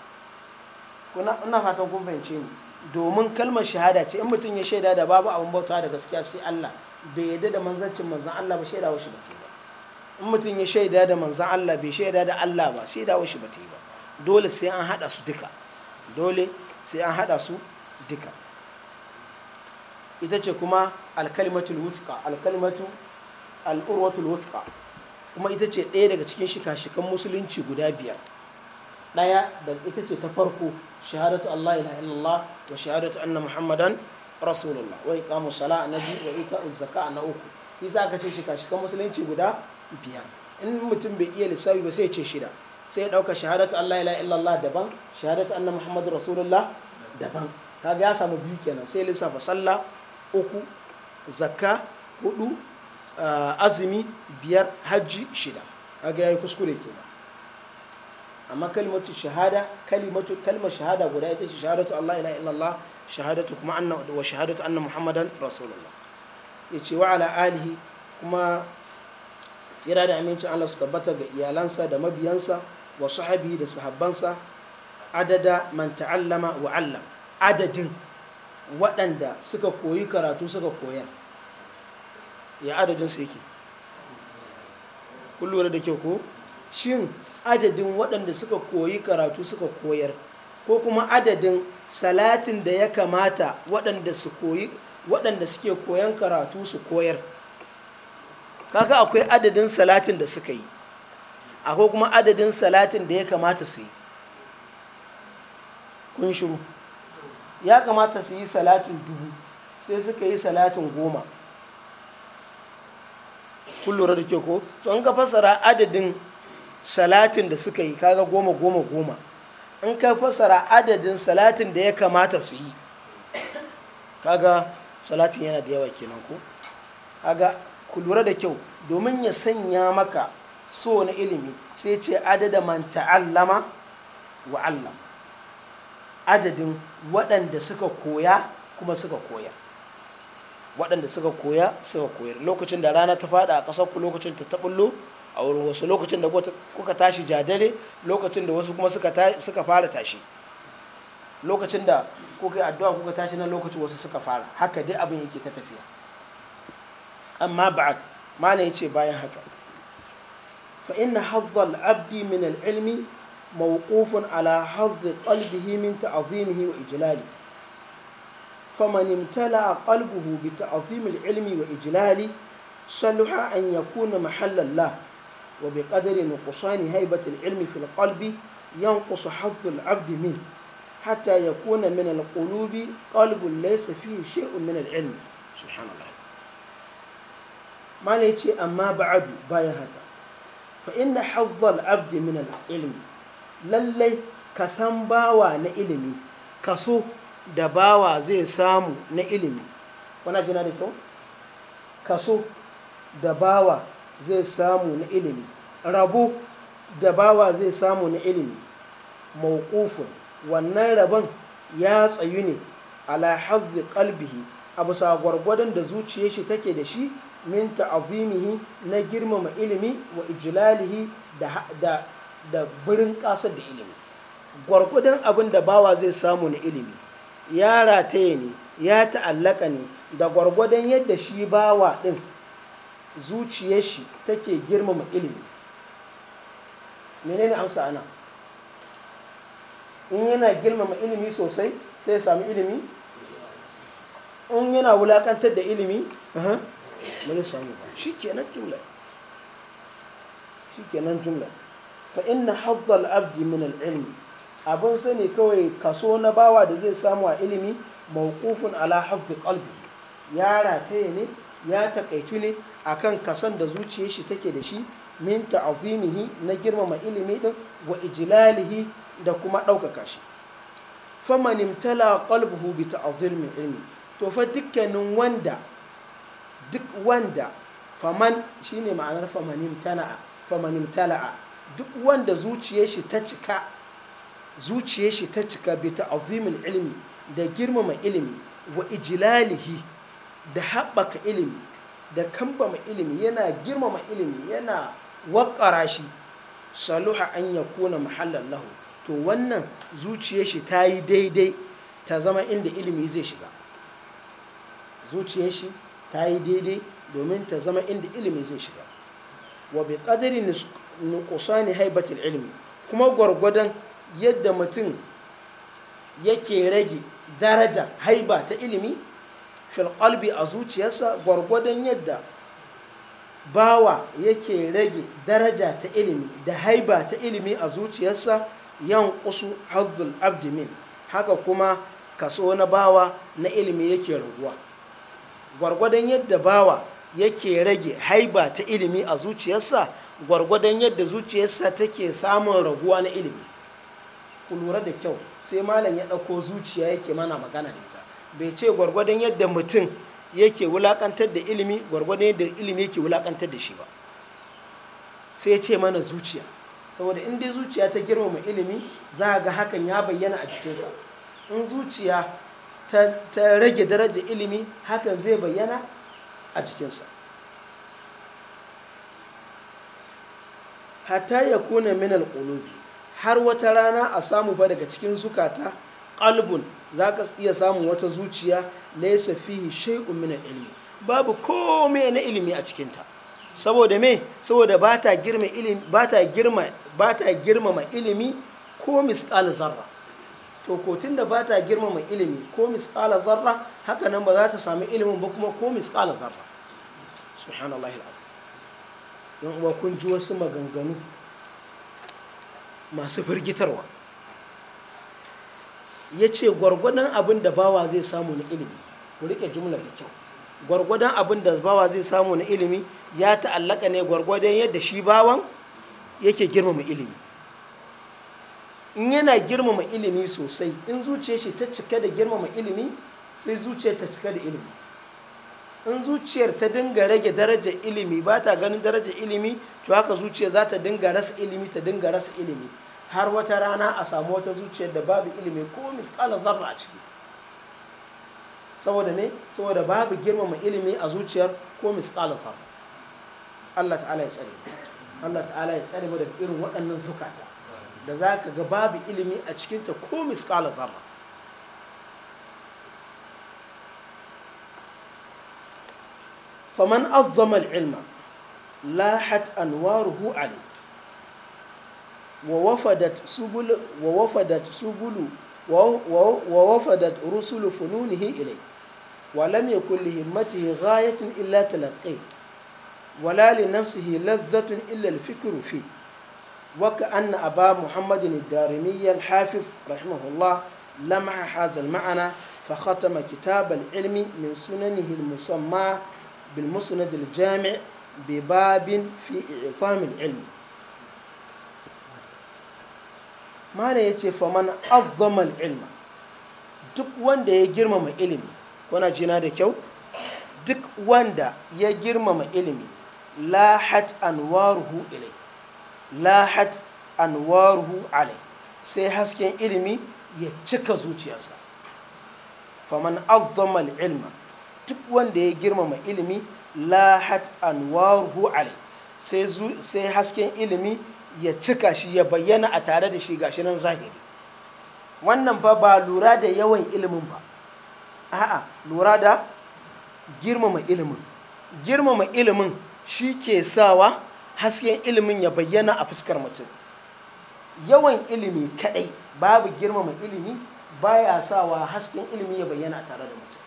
Speaker 1: kuna ina fatan kun fahimce ni domin kalmar shahada ce in mutum ya shaida da babu abin bautawa da gaskiya sai Allah bai yadda da manzancin manzan Allah ba shaidawa shi ba ta ba in mutum ya shaida da manzan Allah bai shaida da Allah ba shaidawa shi ba ta ba dole sai an hada su duka dole sai an hada su duka ita ce kuma alkalimatul wusqa alkalimatu al'urwatul wusqa kuma ita ce ɗaya daga cikin shika-shikan musulunci guda biyar ɗaya da ita ce ta farko shahadatu Allah ilaha illallah wa shahadatu anna muhammadan rasulullah wa iqamu na biyu wa ita zaka na uku za aka ce shika-shikan musulunci guda biyar in mutum bai iya lissafi ba sai ce shida sai ya ɗauka shahadatu Allah ilaha illallah daban shahadatu anna muhammadan rasulullah daban kaga ya samu biyu kenan sai lissafa sallah uku zakka hudu azumi biyar hajji shida kaga yayi kuskure ba amma kalimatu shahada kalimatu kalmar shahada guda ita ce shahadatu Allah ila illallah shahadatu kuma anna wa shahadatu anna muhammadan rasulullah yace wa ala alihi kuma tsira da amincin Allah su tabbata ga iyalansa da mabiyansa wa sahabi da sahabbansa adada man ta'allama wa allam adadin waɗanda suka koyi karatu suka koyar ya adadin su yake kullum da ke ko shin adadin waɗanda suka koyi karatu suka koyar ko kuma adadin salatin da ya kamata waɗanda su koyi waɗanda suke koyan karatu su koyar kaga akwai adadin salatin da suka yi akwai kuma adadin salatin da ya kamata su yi kun shiru ya kamata su yi salatin dubu sai suka yi salatin goma kun da ke ko to an ka fassara adadin salatin da suka yi kaga goma goma goma an ka fasara adadin salatin da ya kamata su yi kaga salatin yana da yawa kenan ko kaga ku lura da kyau domin ya sanya maka so na ilimi sai ce adada man ta'allama wa adadin waɗanda suka koya kuma suka koya waɗanda suka koya suka koyar lokacin da rana ta faɗa a ƙasar ku lokacin ta tabullo a wurin wasu lokacin da kuka tashi jadare lokacin da wasu kuma suka fara tashi lokacin da kuka yi addu'a kuka tashi na lokacin wasu suka fara haka dai abin yake ta tafiya amma mana malam ce bayan haka fa inna hazzal abdi min al-ilmi mawqufun ala hazzi qalbihi min ta'zimihi wa ijlalihi فمن امتلأ قلبه بتعظيم العلم وإجلاله صلح أن يكون محلا له وبقدر نقصان هيبة العلم في القلب ينقص حظ العبد منه حتى يكون من القلوب قلب ليس فيه شيء من العلم سبحان الله ما ليتي أما بعد بايا هذا فإن حظ العبد من العلم للي كسنباوى نإلمي كسو da bawa zai samu na ilimi wana jina da kyau kaso da bawa zai samu na ilimi rabu da bawa zai samu na ilimi mawqufun wannan rabon ya tsayu ne ala hazzi kalbihi a bisa gwargwadon da zuciyar shi take da shi min ta'azimihi na girmama ilimi wa ijilalihi da da da kasar da ilimi gwargwadon abin da bawa zai samu na ilimi ya rataye ne ya ta'allaka ne da gwargwadon yadda shi bawa ɗin zuciyar shi take girmama ilimi menene amsa ana in yana girmama ilimi sosai sai ya sami ilimi in yana wulakantar da ilimi ba zai sami ba shi kenan jumla shi kenan jumla fa inna hazzal abdi min al-ilmi abin sani kawai kaso na bawa da zai samu a ilimi mawqufun ala hafzi kalbi ya rataye ne ya takaitu ne a kan kasan da zuciya shi take da shi min ta'zimihi na girmama ilimi din wa ijlalihi da kuma ɗaukaka shi faman imtala qalbuhu bi ta'zimi ilimi to fa dukkanin wanda duk wanda faman shine ma'anar famanim tana'a tala'a duk wanda zuciyar shi ta cika zuciye shi ta cika bi ta azimin ilimi da girmama ilimi wa ijilalihi da haɓaka ilimi da kambama ilimi yana girmama ilimi yana waƙara shi saluha an ya kuna mahallar lahu to wannan zuciye shi ta yi daidai ta zama inda ilimi zai shiga zuciye shi ta yi daidai domin ta zama inda ilimi zai shiga wa bi qadri ne haibatul ilimi kuma gwargwadon yadda mutum yake rage daraja haiba ta ilimi fil a zuciyarsa gwargwadon yadda bawa yake rage daraja ta ilimi da haiba ta ilimi a zuciyarsa yan kusu hazzul abdimin haka kuma kaso na bawa na ilimi yake raguwa gwargwadon yadda bawa yake rage haiba ta ilimi a zuciyarsa gwargwadon yadda zuciyarsa take samun raguwa na ilimi ku lura da kyau sai malam ya ɗauko zuciya yake mana magana da ita bai ce gwargwadon yadda mutum yake wulakantar da ilimi gwargwadon yadda ilimi yake wulakantar da shi ba sai ya ce mana zuciya saboda in dai zuciya ta girmama ilimi za a ga hakan ya bayyana a cikinsa in zuciya ta rage darajar ilimi hakan zai bayyana a cikinsa hatta ya kuna min alƙulubi har wata rana a samu ba daga cikin zukata kalbun za ka iya samun wata zuciya laisa fihi shay'un min ilmi babu komai na ilimi a cikinta saboda me saboda ba ta girma ilimi ba ta girma ba ta girmama ilimi ko misqal zarra to ko tunda ba ta girmama ilimi ko misqal zarra haka nan ba za ta sami ilimin ba kuma ko misqal zarra subhanallahi alazim yan uwa kun ji wasu maganganu masu firgitarwa ya ce gwargwadon abin da bawa zai samu na ilimi ku riƙe jumla da kyau gwargwadon abin da bawa zai samu na ilimi ya ta'allaka ne gwargwadon yadda shi bawan yake girmama ilimi in yana girmama ilimi sosai in zuciya shi ta cika da girmama ilimi sai zuciyar ta cika da ilimi in zuciyar ta dinga rage darajar ilimi ba ta ganin darajar ilimi to haka zuciya za ta dinga rasa ilimi ta dinga rasa ilimi har wata rana a samu wata zuciyar da babu ilimi ko misqala zarra a ciki saboda ne saboda babu girmama ilimi a zuciyar ko misqala zarra Allah ta'ala ya tsare Allah ta'ala ya tsare mu irin waɗannan zukata da za ka ga babu ilimi a cikinta ko misqala zarra faman azzama ilma lahat anwaruhu alayhi ووفدت سبل ووفدت سبل ووفدت رسل فنونه إليه ولم يكن لهمته غاية إلا تلقيه ولا لنفسه لذة إلا الفكر فيه وكأن أبا محمد الدارمي الحافظ رحمه الله لمح هذا المعنى فختم كتاب العلم من سننه المسمى بالمسند الجامع بباب في إعظام العلم mana ya ce faman azzamal ilma duk wanda ya girmama ilimi kuna jina da kyau duk wanda ya girmama ilimi lahat anwaruhu ilai lahat anwaruhu alai sai hasken ilimi ya cika zuciyarsa faman azzamal ilma duk wanda ya girmama ilimi lahat anwaruhu alai sai hasken ilimi ya cika shi ya bayyana a tare da shi gashi nan zahiri wannan ba ba lura da yawan ilimin ba a'a lura da girmama ilimin girmama ilimin shi ke sawa hasken ilimin ya bayyana a fuskar mutum yawan ilimi kadai babu girmama ilimi baya sawa hasken ilimi ya bayyana a tare da mutum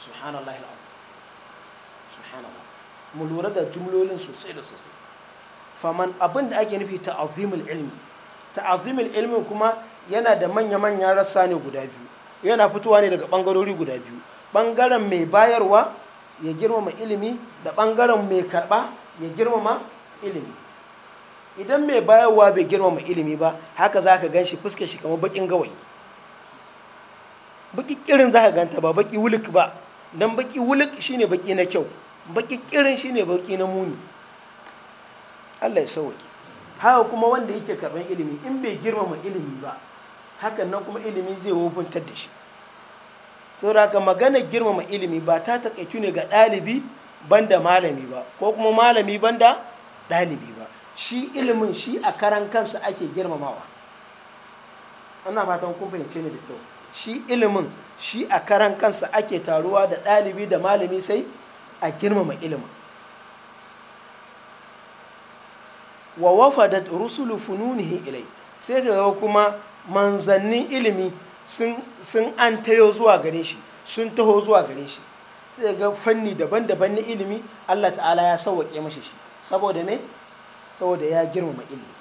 Speaker 1: subhanallah mu lura da jumlolin sosai da sosai faman abin da ake nufi azimul ilmi azimul ilmi kuma yana da manya manyan rassa ne guda biyu yana fitowa ne daga bangarori guda biyu bangaren mai bayarwa ya girmama ilimi da bangaren mai karba ya girmama ilimi idan mai bayarwa bai girmama ilimi ba haka za ka gan shi fuskar shi kamar bakin gawayi baki kirin za ka ganta ba baki wulik ba don baki wulik shine baki na kyau baki kirin shine baƙi na muni Allah ya sauke haka kuma wanda yake karban ilimi in bai girmama ilimi ba hakan nan kuma ilimi zai wofintar da shi to haka magana girmama ilimi ba ta takaitu ne ga ɗalibi banda malami ba ko kuma malami banda ɗalibi ba shi ilimin shi a karan kansa ake girmamawa ana fatan kun fahimce ni da kyau shi ilimin shi a karan kansa ake taruwa da ɗalibi da malami sai a girmama ilimin wa wafadat rusulu fununihi ilai sai ga kuma manzannin ilimi sun an tayo zuwa gare shi sun taho zuwa gare shi sai ga fanni daban-daban na ilimi Allah ta'ala ya sauwaƙe mashi shi saboda ne saboda ya girmama ilimi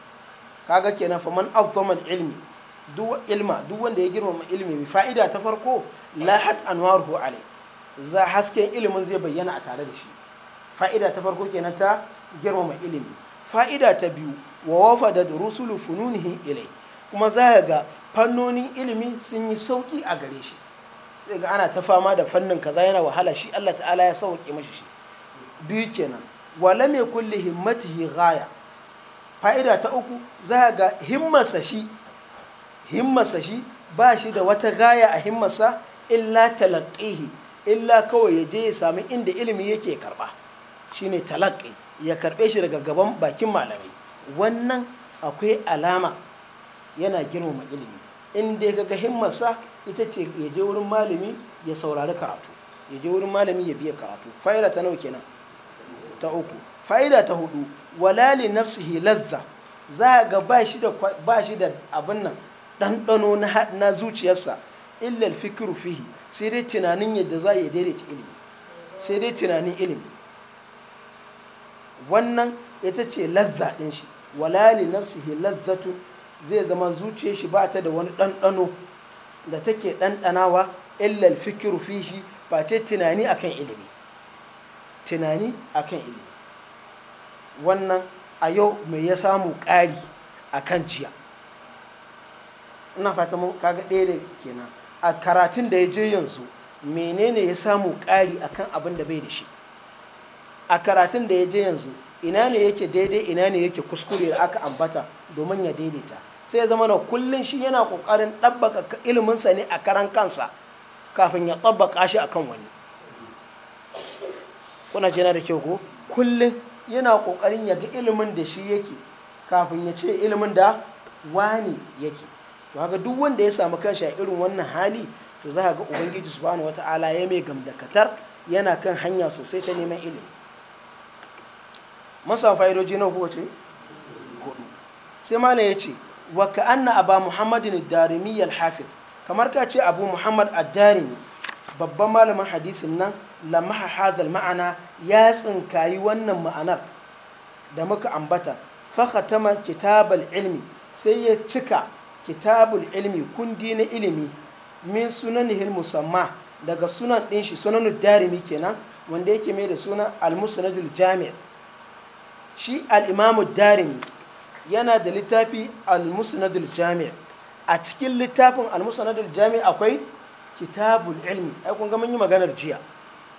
Speaker 1: kaga kenan fa man azzaman ilmi duk ilma duk wanda ya girmama ilimi mai fa'ida ta farko lahat anwaruhu alai za hasken ilimin zai bayyana a tare da shi fa'ida ta farko kenan ta girmama ilimi fa'ida ta biyu wa wafa da rusulu fununihin ilai kuma za ga fannoni ilimi sun yi sauki a gare shi zai ga ana ta fama da fannin kaza yana wahala shi Allah ta'ala ya sauke mashi shi biyu kenan wala mai kulli himmatihi ghaya fa'ida ta uku za ga himmasa shi ba shi da wata gaya a himmasa illa talaqihi illa kawai ya je ya sami inda ilimi yake karba shine talaƙi. ya karɓe shi daga gaban bakin malamai wannan akwai alama yana girmama ilimi inda ya ga himmarsa ita ce ya je wurin malami ya saurari karatu ya je wurin malami ya biya karatu fa'ida ta nauke kenan ta uku fa'ida ta hudu walali nafsihi hilazza za ga ba shi da abin nan ɗanɗano na zuciyarsa illal fikiru fihi sai dai tunanin yadda za yi daidaita tunanin ilimi wannan ita ce lazza ɗin shi walali li nafsihi lazzatu zai zama zuciyar shi ba ta da wani ɗanɗano da take ɗanɗanawa illal fikiru fi shi ba ce tunani akan ilimi tunani akan ilimi wannan a yau mai ya samu ƙari akan jiya ina fata mun kaga ɗaya da kenan a karatun da ya je yanzu menene ya samu ƙari akan abin da bai da shi a karatun da ya je yanzu ina ne yake daidai ina ne yake kuskure da aka ambata domin ya daidaita sai ya zama na kullum shi yana kokarin ɗabbaka iliminsa ne a karan kansa kafin ya ɗabbaka shi akan wani kuna jina da kyau ko kullum yana kokarin ya ga ilimin da shi yake kafin ya ce ilimin da wani yake to haka duk wanda ya samu kanshi a irin wannan hali to za ka ga ubangiji subhanahu wata'ala ya mai gamdakatar yana kan hanya sosai ta neman ilimi amfani fa'idoji na kuka ce sai mala ya ce wa ka anna aba muhammadin darimi hafiz kamar ka ce abu muhammad a darimi babban malamin hadisin nan lamaha hadal ma'ana ya tsinkayi wannan ma'anar da muka ambata fakatama kitabal ilmi sai ya cika kitabul ilmi kundi na ilimi min hil musamma daga sunan ɗin shi sunanud darimi kenan wanda yake mai da sunan al-musnadul jami' shi al'imamu darimi yana da littafi al-musnadul jami’a a cikin littafin al-musnadul jami’a akwai kitabul ilmi ai kun yi maganar jiya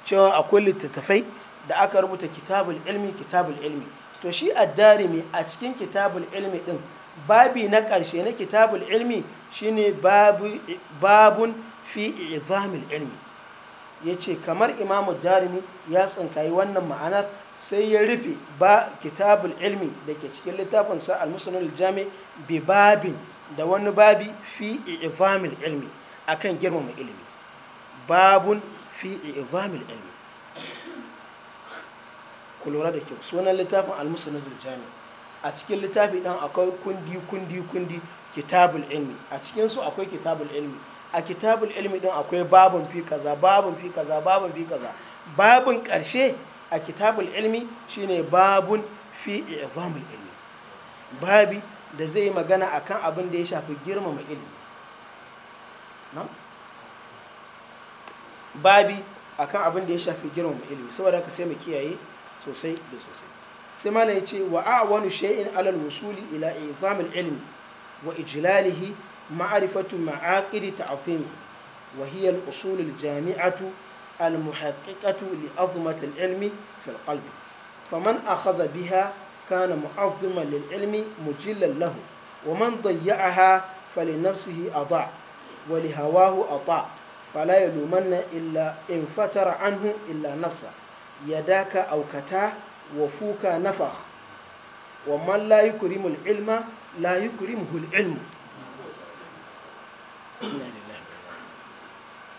Speaker 1: cewa akwai littattafai da aka rubuta kitabul ilmi kitabul ilmi to shi ad a cikin kitabul ilmi din babi na ƙarshe na kitabul ilmi shine babun fi izamil ilmi yace kamar imamu darimi ya tsinkayi wannan ma'anar sai ya rufe ba kitabul ilmi da ke cikin littafin sa al-musnad jami bi babin da wani babi fi i'ifamil ilmi akan girmama ilimi babun fi i'ifamil ilmi ku lura da kyau sunan littafin al al jami a cikin littafi dan akwai kundi kundi kundi kitabul ilmi a cikin su akwai kitabul ilmi a kitabul ilmi din akwai babun fi kaza babun fi kaza babun fi kaza babun karshe a kitabul ilmi shine babun fi i'zamul ilmi babi da zai magana akan abin da ya shafi girmama ilmi babi akan abin da ya shafi girmama ilmi saboda ka sai mu kiyaye sosai da sosai sai mana ya ce wa a'wanu shay'in alal wusuli ila i'zamul ilmi wa ijlalihi ma'rifatu ma'aqidi ta'zimi wa hiya al-usul al-jami'atu almuhaqiqatu li azmati alilmi fi alqalbi faman akhadha biha kana mu'azziman lililmi mujillan lahu wa man dayya'aha fali nafsihi ada wa li hawahu ata fala yalumanna illa in fatara anhu illa nafsa yadaka aw kata wa fuka nafa wa man la yukrimu alilma la yukrimuhu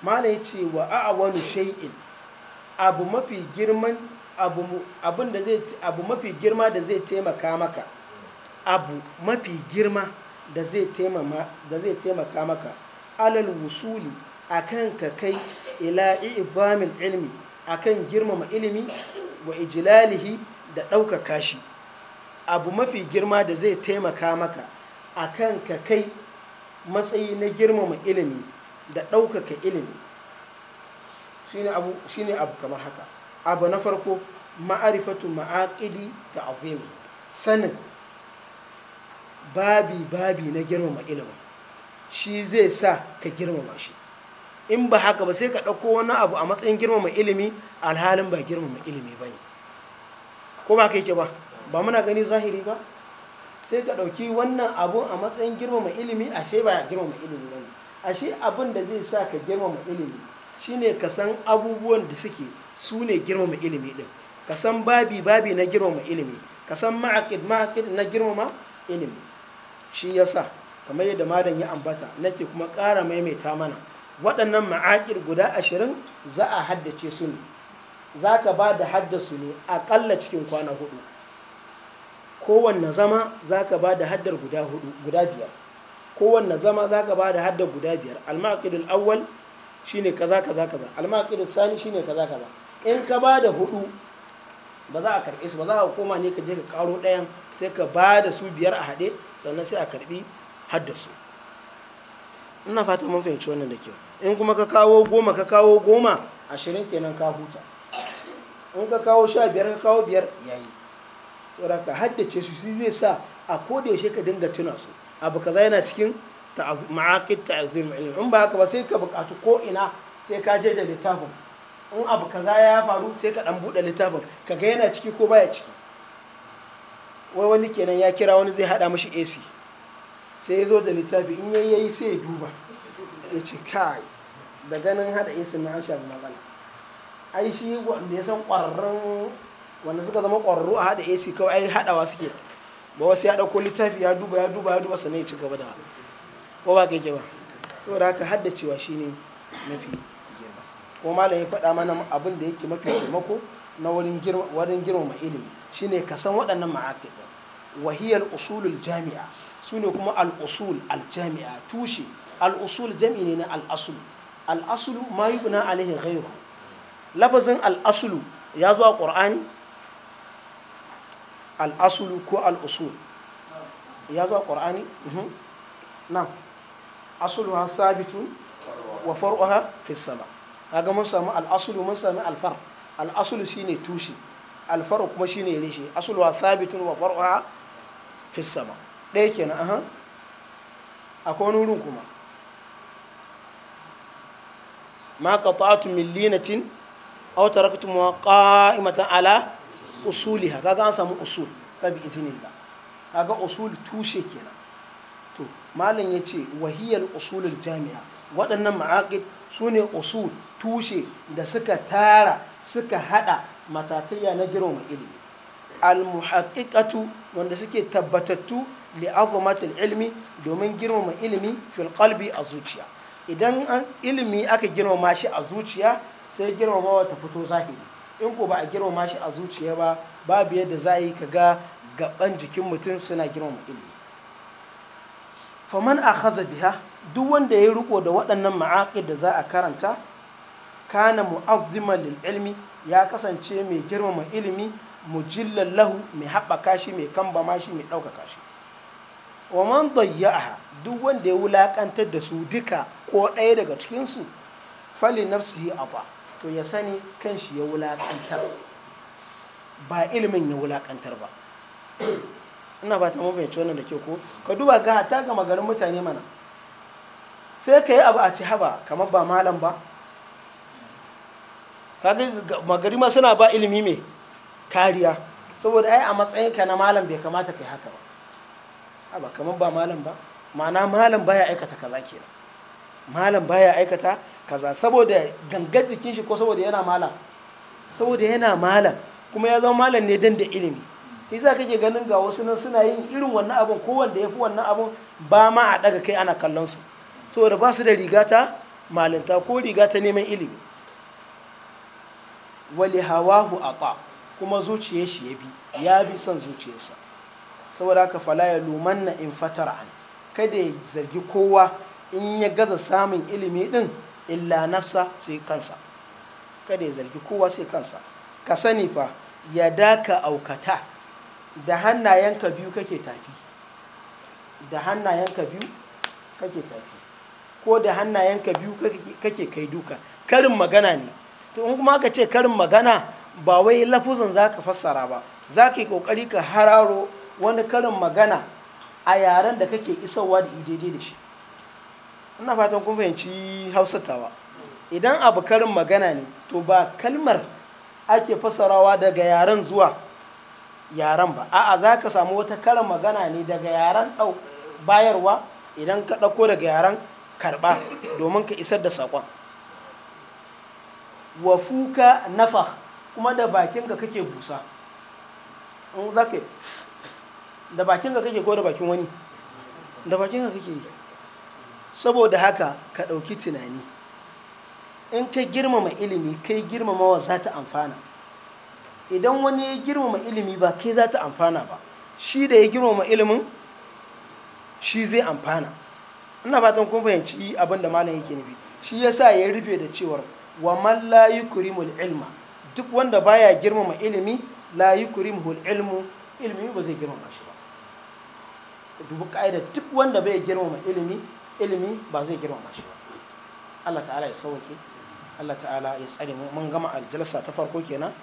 Speaker 1: mana ya ce wa a'awanu shay'in abu mafi girman abun da zai abu mafi girma da zai taimaka maka abu mafi girma da zai taimaka maka alal wusuli akan ka kai ila ifamil ilmi akan girmama ilimi wa ijlalihi da ɗaukaka kashi. abu mafi girma da zai taimaka maka akan ka kai matsayi na girmama ilimi da ɗaukaka ilimi shi ne abu kamar haka abu na farko ma'arifatu ma'aƙili da azimi sanin babi-babi na girmama ilimi shi zai sa ka girmama shi in ba haka ba sai ka ɗauko wani abu a matsayin girmama ilimi alhalin ba girmama ilimi ba ne ko ba ka yake ba ba muna gani zahiri ba sai ka ɗauki wannan abu a matsayin girmama ilimi ashe ba girmama ilimi ba ne ashe abin da zai sa ka girmama ilimi shine ka san abubuwan da suke su ne girmama ilimi din ka san babi babi na girmama ilimi ka san ma'akid ma'akid na girmama ilimi shi ya sa kamar yadda madan ya ambata nake kuma ƙara maimaita mana waɗannan ma'aqid guda ashirin za a haddace su ne za ka ba da haddasu ne aƙalla cikin kwana hudu kowanne zama za ka ba da haddar guda biyar kowanne zama za ka ba da hadda guda biyar almaqidul awwal shine kaza kaza kaza almaqidul sani shine kaza kaza in ka ba da hudu ba za a karɓe su ba za a koma ne ka je ka karo ɗayan sai ka ba da su biyar a haɗe sannan sai a karɓi hadda su ina fata mun fahimci wannan da kyau in kuma ka kawo goma ka kawo goma ashirin kenan ka huta in ka kawo sha biyar ka kawo biyar yayi saboda ka haddace su zai sa a koda yaushe ka dinga tuna su abu kaza yana cikin ma'aƙid ta'azim ilmi in ba haka ba sai ka buƙatu ko ina sai ka je da littafin in abu kaza ya faru sai ka ɗan buɗe littafin ka ga yana ciki ko baya ciki wai wani kenan ya kira wani zai haɗa mashi ac sai ya zo da littafi in yayi yayi sai ya duba ya ce kai da ganin haɗa ac na hasha da matsala ai shi wanda ya san ƙwararrun wanda suka zama ƙwararru a haɗa ac kawai ai haɗawa suke ba wasu ya ɗauko littafi ya duba ya duba ya duba sannan ya ci gaba da ko ba kai ba saboda haka haddacewa shine mafi
Speaker 2: girma
Speaker 1: ko malam ya faɗa mana abin da yake mafi taimako na wurin girmama ilimi shine ka san waɗannan ma'aƙi wahiyar usulul jami'a su ne kuma al'usul al-jami'a tushe al'usul jami'i ne na al'asulu al'asulu ma yubna alaihi ghairu lafazin al'asulu ya zo a ƙur'ani al'asulu ko al'usul ya zo a ƙwar'ani nan asulu ha sabitu wa faru ha fisama kaga mun sami al'asulu mun sami alfar al'asulu shi ne tushe alfar kuma shi ne reshe asulu ha sabitun wa faru ha fisama ɗaya kenan ahan akwai wani wurin kuma ma qata'tu min linatin aw taraktumuha qa'imatan ala usuliha kaga an samu usul izini izinillah kaga usul tushe kenan to malam yace wahiyal usulul jami'a waɗannan ma'aqid sune usul tushe da suka tara suka hada matatayya na girma ilimi al muhaqqiqatu wanda suke tabbatattu li azmatil ilmi domin girmama ilimi fil qalbi a zuciya idan ilimi aka girmama shi a zuciya sai girmamawa ta fito zahiri in ko ba a girmama shi a zuciya ba babu yadda za a yi kaga gaban jikin mutum suna girmama ilimi faman haza biha duk wanda ya yi riko da waɗannan ma'aƙi da za a karanta kana mu'azzima lil ilmi ya kasance mai girmama ilimi mujillan lahu mai haɓaka shi mai kambama shi mai ɗaukaka shi wa man dayyaha duk wanda ya wulaƙantar da su duka ko ɗaya daga cikinsu fali nafsihi ata to ya sani kan shi ya wulaƙantar ba ilimin ya wulaƙantar ba ina ba ta mabayance wannan da ke ko ka duba ga hata ga magarin mutane mana sai ka yi abu a ci haba kamar ba malam ba kaga magari ma suna ba ilimi mai kariya saboda ai a matsayin ka na malam bai kamata ka yi haka ba ba kamar ba malam ba ma'ana malam baya aikata kaza kenan malam baya aikata kaza saboda gangar jikin shi ko saboda yana malam saboda yana malam kuma ya zama malam ne dan da ilimi isa kake ganin ga wasu nan suna yin irin wannan abun ko wanda ya fi wannan abun ba ma a daga kai ana kallon su saboda ba su da rigata ta ko rigata neman ilimi wali hawahu ata kuma zuciyar shi ya bi ya bi son zuciyarsa saboda haka fala ya lumanna in fatar a kada ya zargi kowa in ya gaza samun ilimi din illa nafsa sai kansa kada ya zargi kowa sai kansa ka sani fa ya daka aukata da hannayenka biyu kake tafi da hannayenka biyu kake tafi ko da hannayenka biyu kake kai duka karin magana ne to in kuma ka ce karin magana ba wai lafuzin za ka fassara ba za ka yi kokari ka hararo wani karin magana a yaren da kake isowa da daidai da shi ina fatan kun fahimci hausatawa idan abu karin magana ne to ba kalmar ake fasarawa daga yaren zuwa yaren ba a'a za ka samu wata karin magana ne daga yaren bayarwa idan ka ɗauko daga yaren karɓa domin ka isar da saƙon wa fuka nafa kuma da bakin ka kake busa da bakin ka kake ko da bakin wani da bakin ka kake yi saboda haka ka ɗauki tunani in ka girmama ilimi kai girmamawa za ta amfana idan wani ya girmama ilimi ba kai za ta amfana ba shi da ya girmama ilimin shi zai amfana ina fatan kun fahimci abin da malam yake nufi shi ya sa ya rufe da cewar wa man la yukrimul ilma duk wanda baya girmama ilimi la yukrimul ilmu ilimi ba zai girmama shi ba duk wanda bai girmama ilimi ilimi ba zai girmama shi ba Allah ta'ala ya sauke Allah ta'ala ya tsare mu mun gama aljalsa ta farko kenan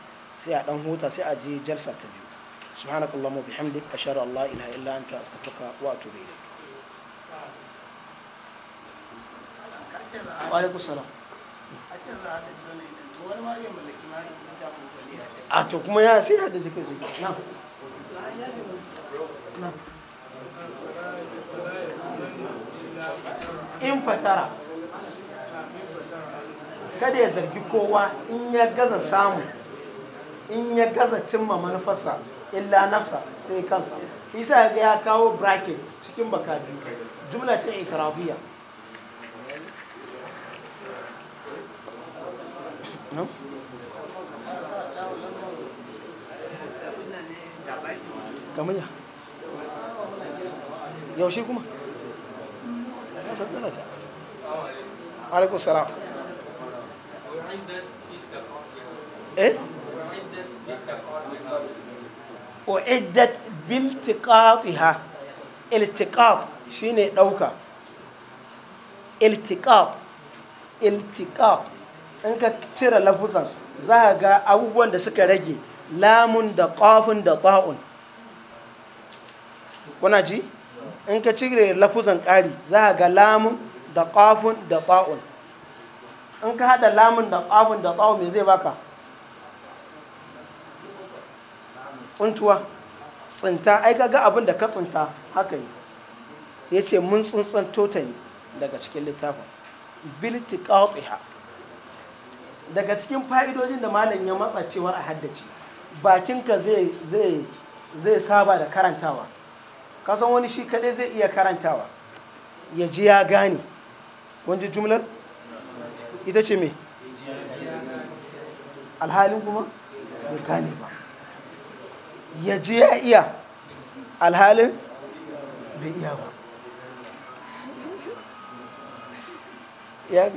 Speaker 1: sai a dan huta sai a je jalsa ta biyu subhanakallahumma bihamdik ashhadu an la ilaha illa anta astaghfiruka wa atubu ilayk
Speaker 2: wa alaikum salam a to kuma
Speaker 1: ya sai hada jikin su
Speaker 2: na in
Speaker 1: fatara kada ya zargi kowa in ya gaza samu in ya gaza cimma manufarsa illa nafsa sai kansa isa ga ya kawo bracket cikin baka biyu jumla ce itirafiyya kamar ya yaushe kuma kusan tana
Speaker 2: ta salam eh
Speaker 1: uiddat biltiqatiha iltiqat shine ɗauka iltiƙaf iltiqat in ka cire lafuzan za a ga abubuwan da suka rage lamun da qafun da ta'un kuna ji in ka cire lafuzan ƙari za a ga lamun da ƙafun da ƙa'un in ka haɗa lamun da ƙafun da ƙa'un me zai baka tsuntuwa tsinta ai ga abin da ka tsinta haka ne ya ce mun tsuntsun totani daga cikin littafin bilti ha. daga cikin fa'idodin da malam ya matsa cewar a haddace bakinka zai saba da karantawa kasan wani shi kadai zai iya karantawa ya ji ya gane wanda jumlar ita ce me alhalin kuma ya gane ba ya ji ya iya alhalin bai iya ba ya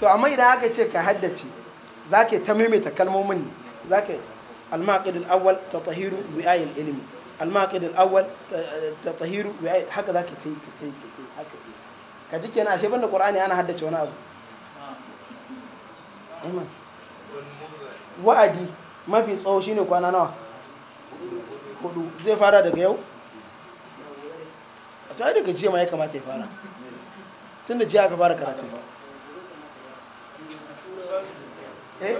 Speaker 1: to amma idan aka ce ka haddace za ka ta maimaita kalmomin ne za ka almaƙidul awwal ta tahiru bi'ayil ilimi الماقد الاول تطهير حق ذاك كي كي كي حق كذلك انا أشياء بنا القرآن أنا هدت وأنا أبو إيمان وأدي ما في صو شيء نكون أنا كلو زي فارا دقيو تعرف كجيا ما يكمل تفارا tunda jiya ka fara karatu eh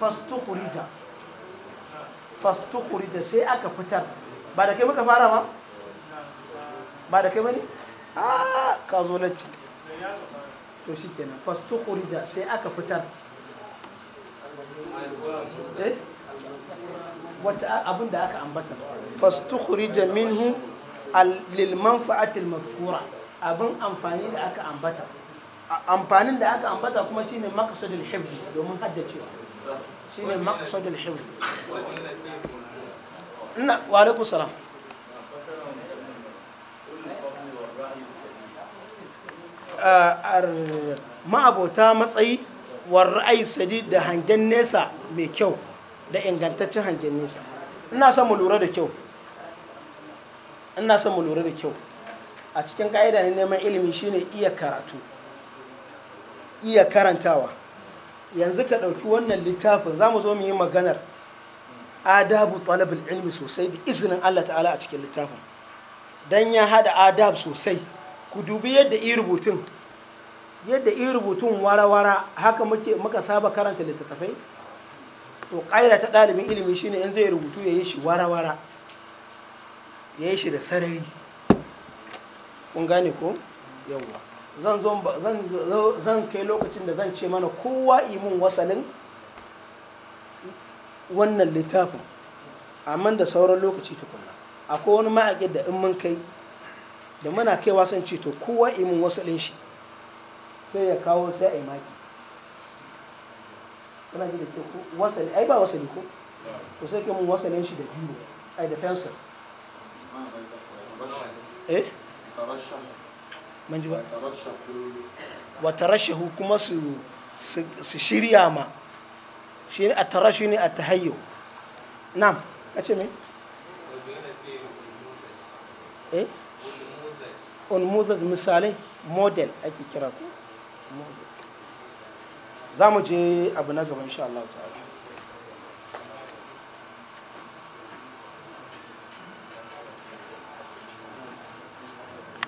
Speaker 1: fastukhrija fastukhurija sai aka fitar ba da kai muka fara ba ba da kai bane a ka zo latti to shikenan fastukhurija sai aka fitar eh wata abin da aka ambata fastukhrija minhu lil manfa'ati al mazkura abin amfani da aka ambata amfanin da aka ambata kuma shine maqsadul hifz domin haddacewa shine maqsadul hifz ma'abota matsayi wa ra'ayi sadi da hangen nesa mai kyau da ingantaccen hangen nesa ina son mu lura da kyau ina son mu lura da kyau a cikin ka'ida ne neman ilimi shine iya karatu iya karantawa yanzu ka ɗauki wannan littafin za mu zo mu yi maganar adabu talabul ilmi sosai da izinin Allah ta'ala a cikin littafin dan ya haɗa adab sosai ku dubi yadda i rubutun yadda i rubutun wara-wara haka muke muka saba karanta littattafai to ƙaira ta ɗalibin ilimi shine in zai rubutu ya yi shi wara-wara ya yi shi da sarari kun gane ko yawwa zan kai lokacin da zan ce mana kowa imun wasalin wannan littafin amma da sauran lokaci tukuna akwai wani ma'aƙi da in mun kai da muna kai wasan ce to kowa imin wasalin shi sai ya kawo sai a yi maki kuna ji da ke wasali ai ba wasali ko to sai mun wasalin shi da biyu ai da fensir eh man ji ba wata rashahu kuma su shirya ma shi ne a tara shi ne a tahayyo nam a ce mai eh, eh? model ake kira ku za mu je abu na gaba insha Allah